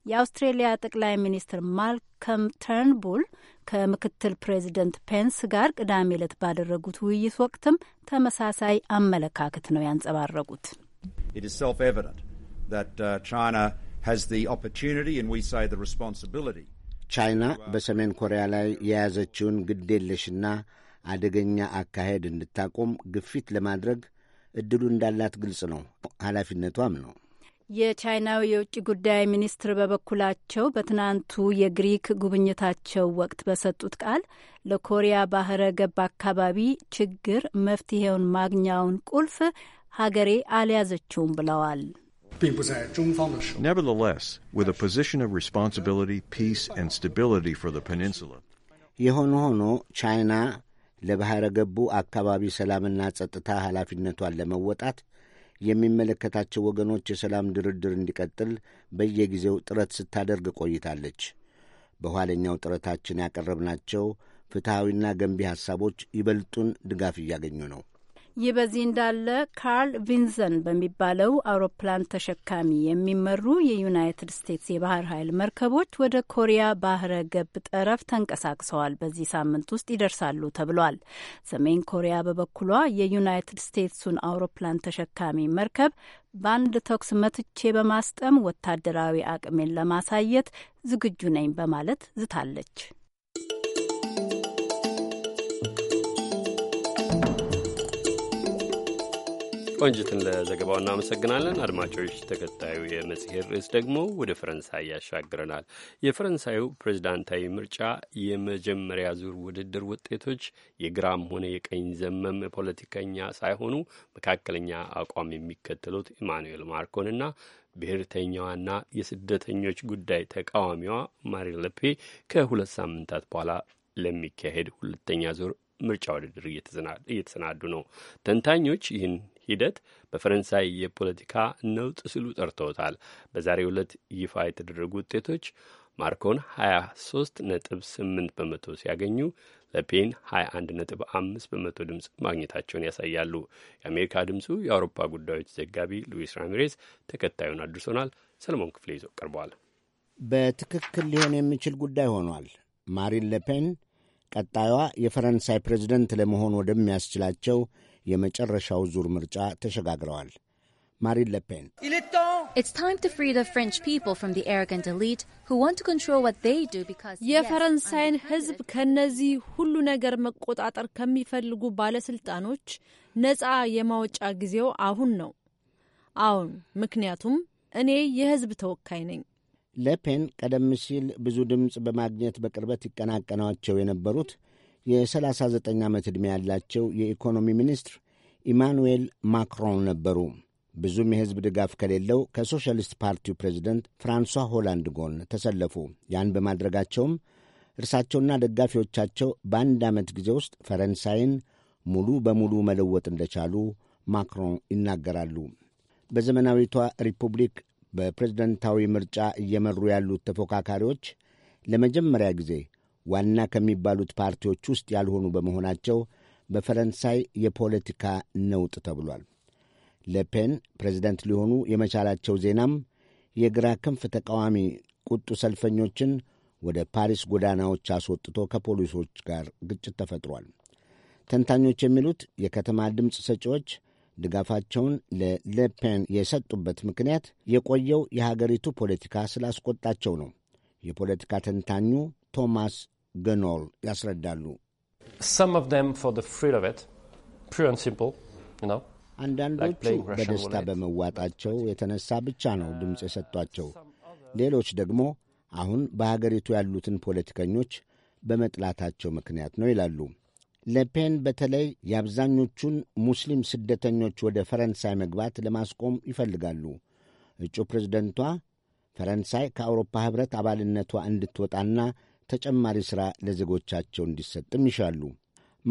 የአውስትሬሊያ ጠቅላይ ሚኒስትር ማልከም ተርንቡል ከምክትል ፕሬዚደንት ፔንስ ጋር ቅዳሜ ዕለት ባደረጉት ውይይት ወቅትም ተመሳሳይ አመለካከት ነው ያንጸባረቁት። uh, ቻይና በሰሜን ኮሪያ ላይ የያዘችውን የለሽና አደገኛ አካሄድ እንድታቆም ግፊት ለማድረግ እድሉ እንዳላት ግልጽ ነው፣ ኃላፊነቷም ነው። የቻይናው የውጭ ጉዳይ ሚኒስትር በበኩላቸው በትናንቱ የግሪክ ጉብኝታቸው ወቅት በሰጡት ቃል ለኮሪያ ባህረ ገብ አካባቢ ችግር መፍትሄውን ማግኛውን ቁልፍ ሀገሬ አልያዘችውም ብለዋል። Nevertheless, with a position of responsibility, peace and stability for the peninsula. የሆነ ሆኖ ቻይና ለባሕረ ገቡ አካባቢ ሰላምና ጸጥታ ኃላፊነቷን ለመወጣት የሚመለከታቸው ወገኖች የሰላም ድርድር እንዲቀጥል በየጊዜው ጥረት ስታደርግ ቆይታለች። በኋለኛው ጥረታችን ያቀረብናቸው ፍትሐዊና ገንቢ ሐሳቦች ይበልጡን ድጋፍ እያገኙ ነው። ይህ በዚህ እንዳለ ካርል ቪንዘን በሚባለው አውሮፕላን ተሸካሚ የሚመሩ የዩናይትድ ስቴትስ የባህር ኃይል መርከቦች ወደ ኮሪያ ባህረ ገብ ጠረፍ ተንቀሳቅሰዋል። በዚህ ሳምንት ውስጥ ይደርሳሉ ተብሏል። ሰሜን ኮሪያ በበኩሏ የዩናይትድ ስቴትሱን አውሮፕላን ተሸካሚ መርከብ በአንድ ተኩስ መትቼ በማስጠም ወታደራዊ አቅሜን ለማሳየት ዝግጁ ነኝ በማለት ዝታለች። ቆንጅትን ለዘገባው እናመሰግናለን። አድማጮች፣ ተከታዩ የመጽሔት ርዕስ ደግሞ ወደ ፈረንሳይ ያሻግረናል። የፈረንሳዩ ፕሬዝዳንታዊ ምርጫ የመጀመሪያ ዙር ውድድር ውጤቶች የግራም ሆነ የቀኝ ዘመም ፖለቲከኛ ሳይሆኑ መካከለኛ አቋም የሚከተሉት ኢማኑኤል ማክሮንና ብሔርተኛዋና የስደተኞች ጉዳይ ተቃዋሚዋ ማሪን ለፔ ከሁለት ሳምንታት በኋላ ለሚካሄድ ሁለተኛ ዙር ምርጫ ውድድር እየተሰናዱ ነው። ተንታኞች ይህን ሂደት በፈረንሳይ የፖለቲካ ነውጥ ሲሉ ጠርተውታል። በዛሬው ዕለት ይፋ የተደረጉ ውጤቶች ማርኮን 23 ነጥብ 8 በመቶ ሲያገኙ ለፔን 21 ነጥብ 5 በመቶ ድምፅ ማግኘታቸውን ያሳያሉ። የአሜሪካ ድምፁ የአውሮፓ ጉዳዮች ዘጋቢ ሉዊስ ራሚሬስ ተከታዩን አድርሶናል። ሰለሞን ክፍሌ ይዞ ቀርቧል። በትክክል ሊሆን የሚችል ጉዳይ ሆኗል። ማሪን ለፔን ቀጣዩዋ የፈረንሳይ ፕሬዚደንት ለመሆን ወደሚያስችላቸው የመጨረሻው ዙር ምርጫ ተሸጋግረዋል። ማሪን ለፔን የፈረንሳይን ሕዝብ ከነዚህ ሁሉ ነገር መቆጣጠር ከሚፈልጉ ባለስልጣኖች ነፃ የማውጫ ጊዜው አሁን ነው። አሁን ምክንያቱም እኔ የሕዝብ ተወካይ ነኝ። ለፔን ቀደም ሲል ብዙ ድምፅ በማግኘት በቅርበት ይቀናቀናቸው የነበሩት የ39 ዓመት ዕድሜ ያላቸው የኢኮኖሚ ሚኒስትር ኢማኑኤል ማክሮን ነበሩ። ብዙም የሕዝብ ድጋፍ ከሌለው ከሶሻሊስት ፓርቲው ፕሬዚደንት ፍራንሷ ሆላንድ ጎን ተሰለፉ። ያን በማድረጋቸውም እርሳቸውና ደጋፊዎቻቸው በአንድ ዓመት ጊዜ ውስጥ ፈረንሳይን ሙሉ በሙሉ መለወጥ እንደቻሉ ማክሮን ይናገራሉ። በዘመናዊቷ ሪፑብሊክ በፕሬዝደንታዊ ምርጫ እየመሩ ያሉት ተፎካካሪዎች ለመጀመሪያ ጊዜ ዋና ከሚባሉት ፓርቲዎች ውስጥ ያልሆኑ በመሆናቸው በፈረንሳይ የፖለቲካ ነውጥ ተብሏል። ለፔን ፕሬዚደንት ሊሆኑ የመቻላቸው ዜናም የግራ ክንፍ ተቃዋሚ ቁጡ ሰልፈኞችን ወደ ፓሪስ ጎዳናዎች አስወጥቶ ከፖሊሶች ጋር ግጭት ተፈጥሯል። ተንታኞች የሚሉት የከተማ ድምፅ ሰጪዎች ድጋፋቸውን ለለፔን የሰጡበት ምክንያት የቆየው የሀገሪቱ ፖለቲካ ስላስቆጣቸው ነው። የፖለቲካ ተንታኙ ቶማስ ገኖል ያስረዳሉ። አንዳንዶቹ በደስታ በመዋጣቸው የተነሳ ብቻ ነው ድምፅ የሰጧቸው። ሌሎች ደግሞ አሁን በሀገሪቱ ያሉትን ፖለቲከኞች በመጥላታቸው ምክንያት ነው ይላሉ። ለፔን በተለይ የአብዛኞቹን ሙስሊም ስደተኞች ወደ ፈረንሳይ መግባት ለማስቆም ይፈልጋሉ። እጩ ፕሬዝደንቷ ፈረንሳይ ከአውሮፓ ኅብረት አባልነቷ እንድትወጣና ተጨማሪ ሥራ ለዜጎቻቸው እንዲሰጥም ይሻሉ።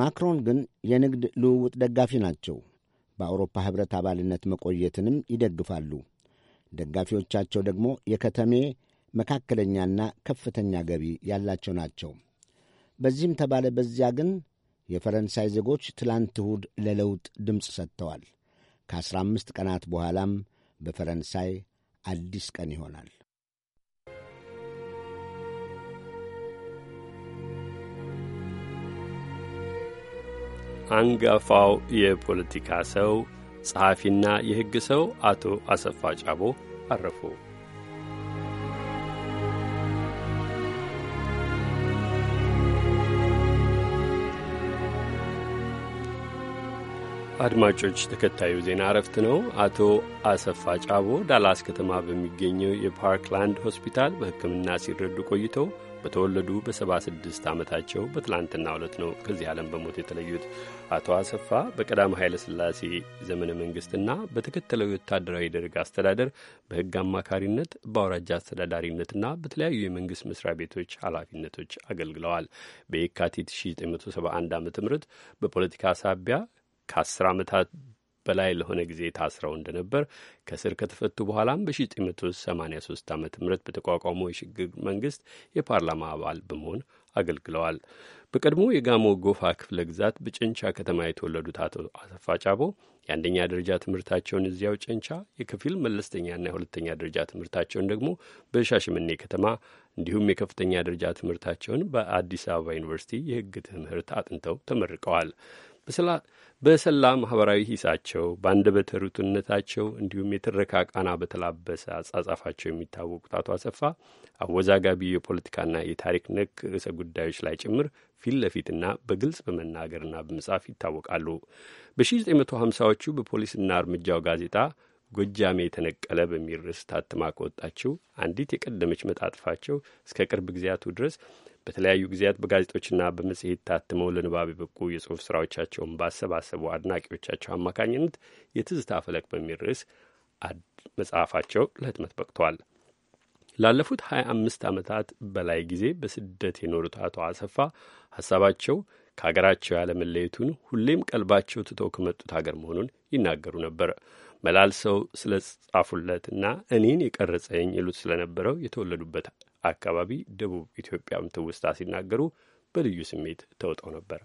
ማክሮን ግን የንግድ ልውውጥ ደጋፊ ናቸው። በአውሮፓ ኅብረት አባልነት መቆየትንም ይደግፋሉ። ደጋፊዎቻቸው ደግሞ የከተሜ መካከለኛና ከፍተኛ ገቢ ያላቸው ናቸው። በዚህም ተባለ በዚያ ግን የፈረንሳይ ዜጎች ትላንት እሁድ ለለውጥ ድምፅ ሰጥተዋል። ከአስራ አምስት ቀናት በኋላም በፈረንሳይ አዲስ ቀን ይሆናል። አንጋፋው የፖለቲካ ሰው ጸሐፊና የሕግ ሰው አቶ አሰፋ ጫቦ አረፉ። አድማጮች፣ ተከታዩ ዜና እረፍት ነው። አቶ አሰፋ ጫቦ ዳላስ ከተማ በሚገኘው የፓርክላንድ ሆስፒታል በሕክምና ሲረዱ ቆይተው በተወለዱ በ76 ዓመታቸው በትላንትና ዕለት ነው ከዚህ ዓለም በሞት የተለዩት። አቶ አሰፋ በቀዳማዊ ኃይለ ሥላሴ ዘመነ መንግሥትና በተከተለው የወታደራዊ ደርግ አስተዳደር በሕግ አማካሪነት በአውራጃ አስተዳዳሪነትና በተለያዩ የመንግሥት መስሪያ ቤቶች ኃላፊነቶች አገልግለዋል። በየካቲት 1971 ዓ ም በፖለቲካ ሳቢያ ከ10 ዓመታት በላይ ለሆነ ጊዜ ታስረው እንደነበር ከስር ከተፈቱ በኋላም በ1983 ዓ ም በተቋቋመው የሽግግ መንግስት የፓርላማ አባል በመሆን አገልግለዋል። በቀድሞ የጋሞ ጎፋ ክፍለ ግዛት በጨንቻ ከተማ የተወለዱት አቶ አሰፋ ጫቦ የአንደኛ ደረጃ ትምህርታቸውን እዚያው ጨንቻ፣ የከፊል መለስተኛና የሁለተኛ ደረጃ ትምህርታቸውን ደግሞ በሻሸመኔ ከተማ እንዲሁም የከፍተኛ ደረጃ ትምህርታቸውን በአዲስ አበባ ዩኒቨርሲቲ የሕግ ትምህርት አጥንተው ተመርቀዋል። በሰላ ማኅበራዊ ሂሳቸው በአንደበተ ርቱዕነታቸው እንዲሁም የትረካ ቃና በተላበሰ አጻጻፋቸው የሚታወቁት አቶ አሰፋ አወዛጋቢ የፖለቲካና የታሪክ ነክ ርዕሰ ጉዳዮች ላይ ጭምር ፊት ለፊትና በግልጽ በመናገርና በመጻፍ ይታወቃሉ። በ1950ዎቹ በፖሊስና እርምጃው ጋዜጣ ጎጃሜ የተነቀለ በሚል ርዕስ ታትማ ከወጣችው አንዲት የቀደመች መጣጥፋቸው እስከ ቅርብ ጊዜያቱ ድረስ በተለያዩ ጊዜያት በጋዜጦችና በመጽሔት ታትመው ለንባብ የበቁ የጽሑፍ ስራዎቻቸውን ባሰባሰቡ አድናቂዎቻቸው አማካኝነት የትዝታ ፈለቅ በሚል ርዕስ መጽሐፋቸው ለህትመት በቅቷል። ላለፉት ሀያ አምስት ዓመታት በላይ ጊዜ በስደት የኖሩት አቶ አሰፋ ሀሳባቸው ከሀገራቸው ያለመለየቱን ሁሌም ቀልባቸው ትተው ከመጡት ሀገር መሆኑን ይናገሩ ነበር። መላልሰው ስለ ጻፉለትና እኔን የቀረጸኝ ይሉት ስለነበረው የተወለዱበት አካባቢ ደቡብ ኢትዮጵያም ትውስታ ሲናገሩ በልዩ ስሜት ተውጠው ነበር።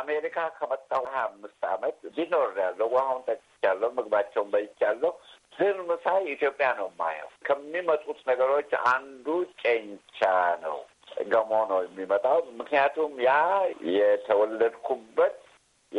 አሜሪካ ከመጣሁ ሀያ አምስት አመት ቢኖር ያለው ውሃውን ጠቅቻለሁ፣ ምግባቸውን በልቻለሁ። ዝር ምሳይ ኢትዮጵያ ነው የማየው። ከሚመጡት ነገሮች አንዱ ጨንቻ ነው፣ ገሞ ነው የሚመጣው። ምክንያቱም ያ የተወለድኩበት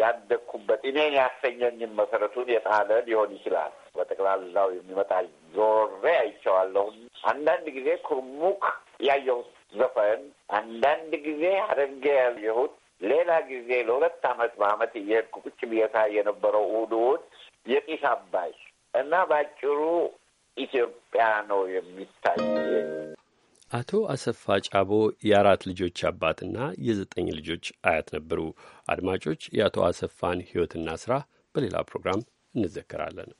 ያደግኩበት እኔን ያሰኘኝን መሰረቱን የጣለ ሊሆን ይችላል። በጠቅላላው የሚመጣ ዞሬ አይቼዋለሁና አንዳንድ ጊዜ ኩርሙክ ያየሁት ዘፈን፣ አንዳንድ ጊዜ ሐረንጌ ያየሁት፣ ሌላ ጊዜ ለሁለት ዓመት በአመት እየሄድኩ ቁጭ ብየታ የነበረው ውድውድ የጢስ አባይ እና በአጭሩ ኢትዮጵያ ነው የሚታይ። አቶ አሰፋ ጫቦ የአራት ልጆች አባትና የዘጠኝ ልጆች አያት ነበሩ። አድማጮች፣ የአቶ አሰፋን ሕይወትና ስራ በሌላ ፕሮግራም እንዘከራለን።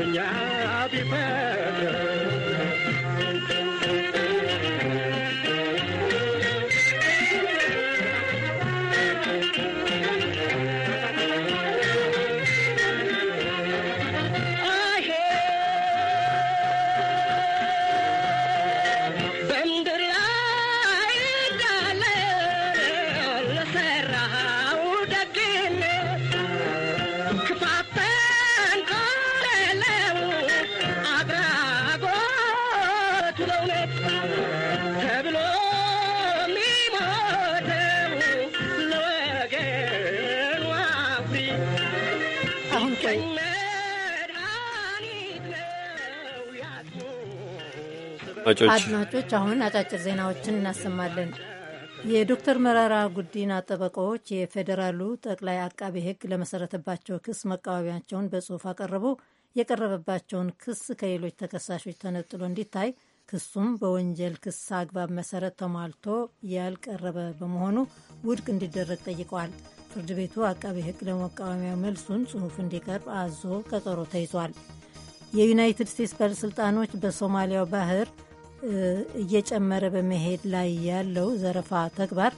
ሆኛ ቢፈ አድማጮች አድማጮች አሁን አጫጭር ዜናዎችን እናሰማለን። የዶክተር መረራ ጉዲና ጠበቃዎች የፌዴራሉ ጠቅላይ አቃቤ ሕግ ለመሰረተባቸው ክስ መቃወሚያቸውን በጽሁፍ አቀረቡ። የቀረበባቸውን ክስ ከሌሎች ተከሳሾች ተነጥሎ እንዲታይ ክሱም በወንጀል ክስ አግባብ መሰረት ተሟልቶ ያልቀረበ በመሆኑ ውድቅ እንዲደረግ ጠይቀዋል። ፍርድ ቤቱ አቃቤ ሕግ ለመቃወሚያ መልሱን ጽሁፍ እንዲቀርብ አዞ ቀጠሮ ተይዟል። የዩናይትድ ስቴትስ ባለሥልጣኖች በሶማሊያው ባህር እየጨመረ በመሄድ ላይ ያለው ዘረፋ ተግባር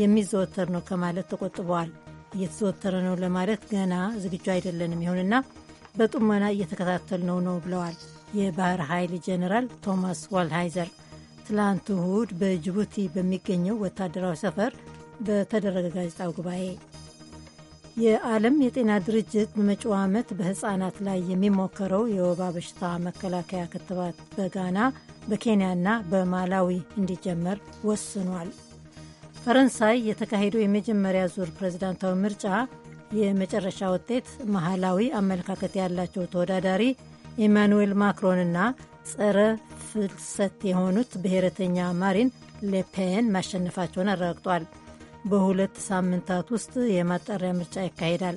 የሚዘወተር ነው ከማለት ተቆጥበዋል። እየተዘወተረ ነው ለማለት ገና ዝግጁ አይደለንም፣ ይሁንና በጡመና እየተከታተል ነው ነው ብለዋል የባህር ኃይል ጄኔራል ቶማስ ዋልሃይዘር ትላንት እሁድ በጅቡቲ በሚገኘው ወታደራዊ ሰፈር በተደረገ ጋዜጣዊ ጉባኤ። የዓለም የጤና ድርጅት በመጪው ዓመት በሕፃናት ላይ የሚሞከረው የወባ በሽታ መከላከያ ክትባት በጋና በኬንያና በማላዊ እንዲጀመር ወስኗል። ፈረንሳይ የተካሄደው የመጀመሪያ ዙር ፕሬዝዳንታዊ ምርጫ የመጨረሻ ውጤት መሐላዊ አመለካከት ያላቸው ተወዳዳሪ ኢማኑዌል ማክሮንና ጸረ ፍልሰት የሆኑት ብሔረተኛ ማሪን ሌፔን ማሸነፋቸውን አረጋግጧል። በሁለት ሳምንታት ውስጥ የማጣሪያ ምርጫ ይካሄዳል።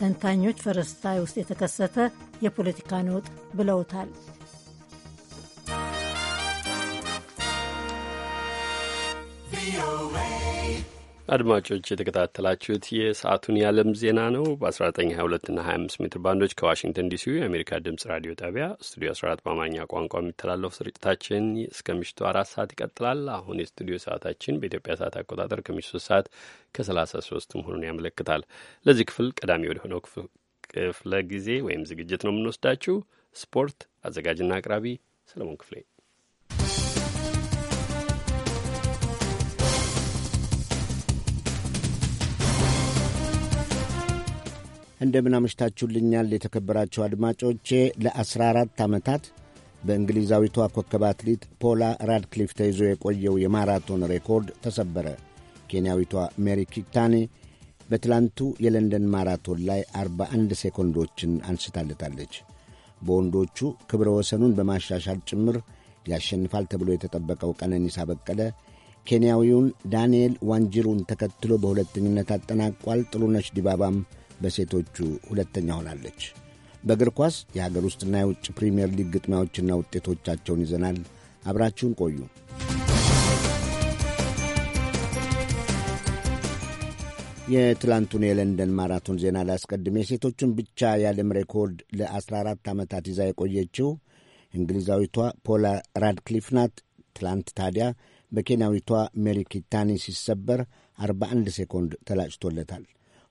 ተንታኞች ፈረንሳይ ውስጥ የተከሰተ የፖለቲካ ነውጥ ብለውታል። አድማጮች የተከታተላችሁት የሰዓቱን የዓለም ዜና ነው። በ1922 እና 25 ሜትር ባንዶች ከዋሽንግተን ዲሲ የአሜሪካ ድምፅ ራዲዮ ጣቢያ ስቱዲዮ 14 በአማርኛ ቋንቋ የሚተላለፉ ስርጭታችን እስከ ምሽቱ አራት ሰዓት ይቀጥላል። አሁን የስቱዲዮ ሰዓታችን በኢትዮጵያ ሰዓት አቆጣጠር ከምሽቱ ሰዓት ከ33 መሆኑን ያመለክታል። ለዚህ ክፍል ቀዳሚ ወደሆነው ክፍለ ጊዜ ወይም ዝግጅት ነው የምንወስዳችሁ። ስፖርት አዘጋጅና አቅራቢ ሰለሞን ክፍሌ እንደምናመሽታችሁልኛል የተከበራቸው የተከበራችሁ አድማጮቼ። ለ14 ዓመታት በእንግሊዛዊቷ ኮከብ አትሌት ፖላ ራድክሊፍ ተይዞ የቆየው የማራቶን ሬኮርድ ተሰበረ። ኬንያዊቷ ሜሪ ኪታኔ በትላንቱ የለንደን ማራቶን ላይ 41 ሴኮንዶችን አንስታለታለች። በወንዶቹ ክብረ ወሰኑን በማሻሻል ጭምር ያሸንፋል ተብሎ የተጠበቀው ቀነኒሳ በቀለ ኬንያዊውን ዳንኤል ዋንጅሩን ተከትሎ በሁለተኝነት አጠናቋል። ጥሩነሽ ዲባባም በሴቶቹ ሁለተኛ ሆናለች። በእግር ኳስ የሀገር ውስጥና የውጭ ፕሪምየር ሊግ ግጥሚያዎችና ውጤቶቻቸውን ይዘናል። አብራችሁን ቆዩ። የትላንቱን የለንደን ማራቶን ዜና ላስቀድሜ። የሴቶቹን ብቻ የዓለም ሬኮርድ ለ14 ዓመታት ይዛ የቆየችው እንግሊዛዊቷ ፖላ ራድክሊፍ ናት። ትላንት ታዲያ በኬንያዊቷ ሜሪ ኪታኒ ሲሰበር 41 ሴኮንድ ተላጭቶለታል።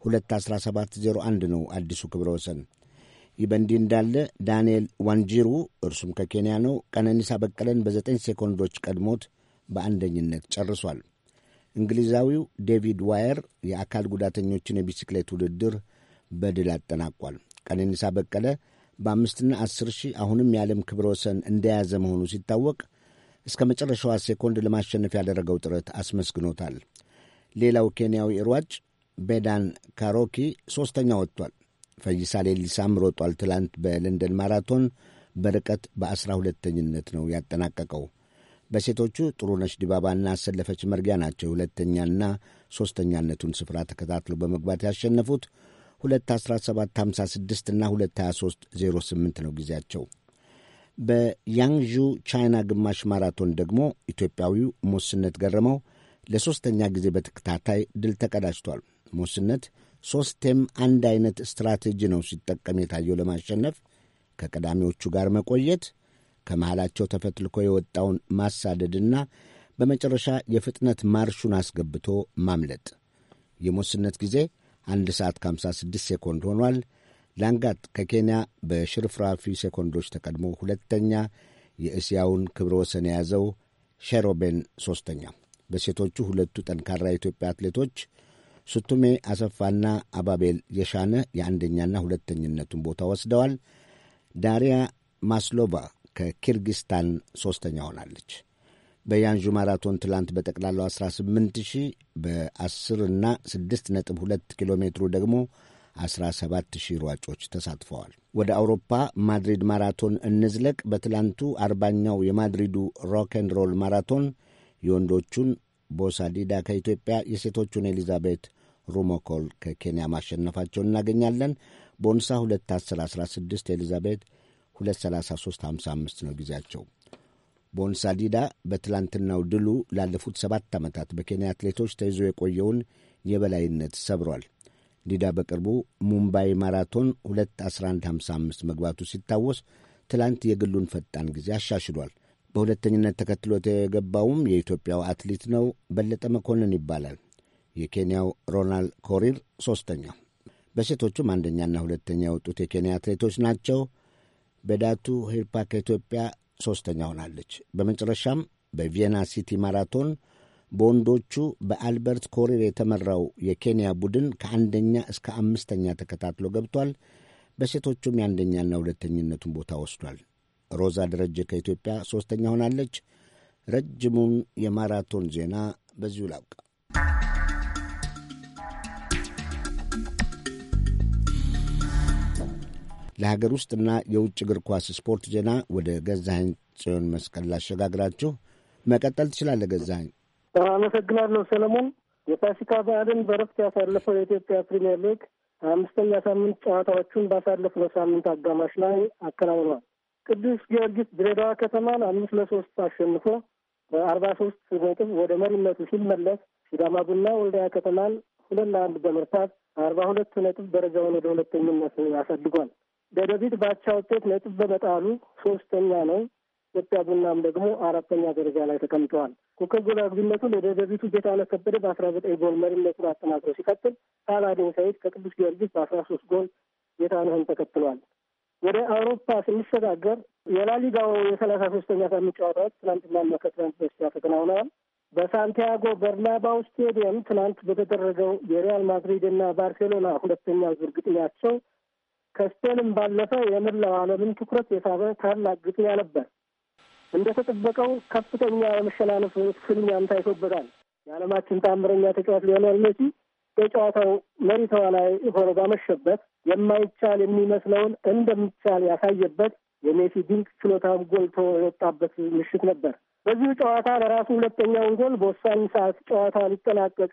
21701 ነው አዲሱ ክብረ ወሰን። ይህ በእንዲህ እንዳለ ዳንኤል ዋንጂሩ እርሱም ከኬንያ ነው ቀነኒሳ በቀለን በዘጠኝ ሴኮንዶች ቀድሞት በአንደኝነት ጨርሷል። እንግሊዛዊው ዴቪድ ዋየር የአካል ጉዳተኞችን የቢስክሌት ውድድር በድል አጠናቋል። ቀነኒሳ በቀለ በአምስትና አስር ሺህ አሁንም የዓለም ክብረ ወሰን እንደያዘ መሆኑ ሲታወቅ እስከ መጨረሻዋ ሴኮንድ ለማሸነፍ ያደረገው ጥረት አስመስግኖታል። ሌላው ኬንያዊ ሯጭ ቤዳን ካሮኪ ሦስተኛ ወጥቷል። ፈይሳ ሌሊሳም ሮጧል። ትላንት በለንደን ማራቶን በርቀት በዐሥራ ሁለተኝነት ነው ያጠናቀቀው። በሴቶቹ ጥሩነሽ ዲባባና አሰለፈች መርጊያ ናቸው ሁለተኛና ሦስተኛነቱን ስፍራ ተከታትለው በመግባት ያሸነፉት። 21756 እና 22308 ነው ጊዜያቸው። በያንግዡ ቻይና ግማሽ ማራቶን ደግሞ ኢትዮጵያዊው ሞስነት ገረመው ለሦስተኛ ጊዜ በተከታታይ ድል ተቀዳጅቷል። ሞስነት ሦስቴም አንድ አይነት ስትራቴጂ ነው ሲጠቀም የታየው ለማሸነፍ ከቀዳሚዎቹ ጋር መቆየት፣ ከመሃላቸው ተፈትልኮ የወጣውን ማሳደድና በመጨረሻ የፍጥነት ማርሹን አስገብቶ ማምለጥ። የሞስነት ጊዜ አንድ ሰዓት ከ56 ሴኮንድ ሆኗል። ላንጋት ከኬንያ በሽርፍራፊ ሴኮንዶች ተቀድሞ ሁለተኛ፣ የእስያውን ክብረ ወሰን የያዘው ሼሮቤን ሦስተኛ። በሴቶቹ ሁለቱ ጠንካራ የኢትዮጵያ አትሌቶች ስቱሜ አሰፋና አባቤል የሻነ የአንደኛና ሁለተኝነቱን ቦታ ወስደዋል። ዳሪያ ማስሎቫ ከኪርጊስታን ሦስተኛ ሆናለች። በያንዡ ማራቶን ትላንት በጠቅላላው 18 ሺህ በ10 ና 6.2 ኪሎ ሜትሩ ደግሞ 17 ሺህ ሯጮች ተሳትፈዋል። ወደ አውሮፓ ማድሪድ ማራቶን እንዝለቅ። በትላንቱ አርባኛው የማድሪዱ ሮክን ሮል ማራቶን የወንዶቹን ቦሳዲዳ ከኢትዮጵያ የሴቶቹን ኤሊዛቤት ሩሞኮል ከኬንያ ማሸነፋቸውን እናገኛለን። ቦንሳ 21016 ኤሊዛቤት 23355 ነው ጊዜያቸው። ቦንሳ ዲዳ በትላንትናው ድሉ ላለፉት ሰባት ዓመታት በኬንያ አትሌቶች ተይዞ የቆየውን የበላይነት ሰብሯል። ዲዳ በቅርቡ ሙምባይ ማራቶን 21155 መግባቱ ሲታወስ ትላንት የግሉን ፈጣን ጊዜ አሻሽሏል። በሁለተኝነት ተከትሎት የገባውም የኢትዮጵያው አትሌት ነው። በለጠ መኮንን ይባላል። የኬንያው ሮናልድ ኮሪር ሦስተኛ። በሴቶቹም አንደኛና ሁለተኛ የወጡት የኬንያ አትሌቶች ናቸው። በዳቱ ሄርፓ ከኢትዮጵያ ሦስተኛ ሆናለች። በመጨረሻም በቪየና ሲቲ ማራቶን በወንዶቹ በአልበርት ኮሪር የተመራው የኬንያ ቡድን ከአንደኛ እስከ አምስተኛ ተከታትሎ ገብቷል። በሴቶቹም የአንደኛና ሁለተኝነቱን ቦታ ወስዷል። ሮዛ ደረጀ ከኢትዮጵያ ሦስተኛ ሆናለች። ረጅሙን የማራቶን ዜና በዚሁ ላብቃ። ለሀገር ውስጥና የውጭ እግር ኳስ ስፖርት ዜና ወደ ገዛኸኝ ጽዮን መስቀል ላሸጋግራችሁ። መቀጠል ትችላለህ ገዛኸኝ። አመሰግናለሁ ሰለሞን። የፋሲካ በዓልን በረፍት ያሳለፈው የኢትዮጵያ ፕሪምየር ሊግ አምስተኛ ሳምንት ጨዋታዎቹን ባሳለፍነው ሳምንት አጋማሽ ላይ አከናውኗል። ቅዱስ ጊዮርጊስ ድሬዳዋ ከተማን አምስት ለሶስት አሸንፎ በአርባ ሶስት ነጥብ ወደ መሪነቱ ሲመለስ ሲዳማ ቡና ወልዳያ ከተማን ሁለት ለአንድ በመርታት አርባ ሁለት ነጥብ ደረጃውን ወደ ሁለተኝነት አሳድጓል። ደደቢት ባቻ ውጤት ነጥብ በመጣሉ ሶስተኛ ነው። ኢትዮጵያ ቡናም ደግሞ አራተኛ ደረጃ ላይ ተቀምጠዋል። ኮከብ ጎል አግቢነቱን ለደደቢቱ ጌታነህ ከበደ በአስራ ዘጠኝ ጎል መሪነቱን አጠናክሮ ሲቀጥል ሳላዲን ሰይድ ከቅዱስ ጊዮርጊስ በአስራ ሶስት ጎል ጌታነህን ተከትሏል። ወደ አውሮፓ ስንሸጋገር የላሊጋው የሰላሳ ሶስተኛ ሳምንት ጨዋታዎች ትናንትናና ከትናንት በስቲያ ተከናውነዋል። በሳንቲያጎ በርናባው ስቴዲየም ትናንት በተደረገው የሪያል ማድሪድ እና ባርሴሎና ሁለተኛ ዙር ግጥሚያቸው ከስፔንም ባለፈ የመላው ዓለምን ትኩረት የሳበ ታላቅ ግጥሚያ ነበር። እንደተጠበቀው ከፍተኛ የመሸናነፍ ፍልሚያም ታይቶበታል። የዓለማችን ታምረኛ ተጫዋች ሊዮኔል ሜሲ በጨዋታው መሪ ተዋናይ ሆኖ ባመሸበት የማይቻል የሚመስለውን እንደሚቻል ያሳየበት የሜሲ ድንቅ ችሎታም ጎልቶ የወጣበት ምሽት ነበር። በዚሁ ጨዋታ ለራሱ ሁለተኛውን ጎል በወሳኝ ሰዓት ጨዋታ ሊጠናቀቅ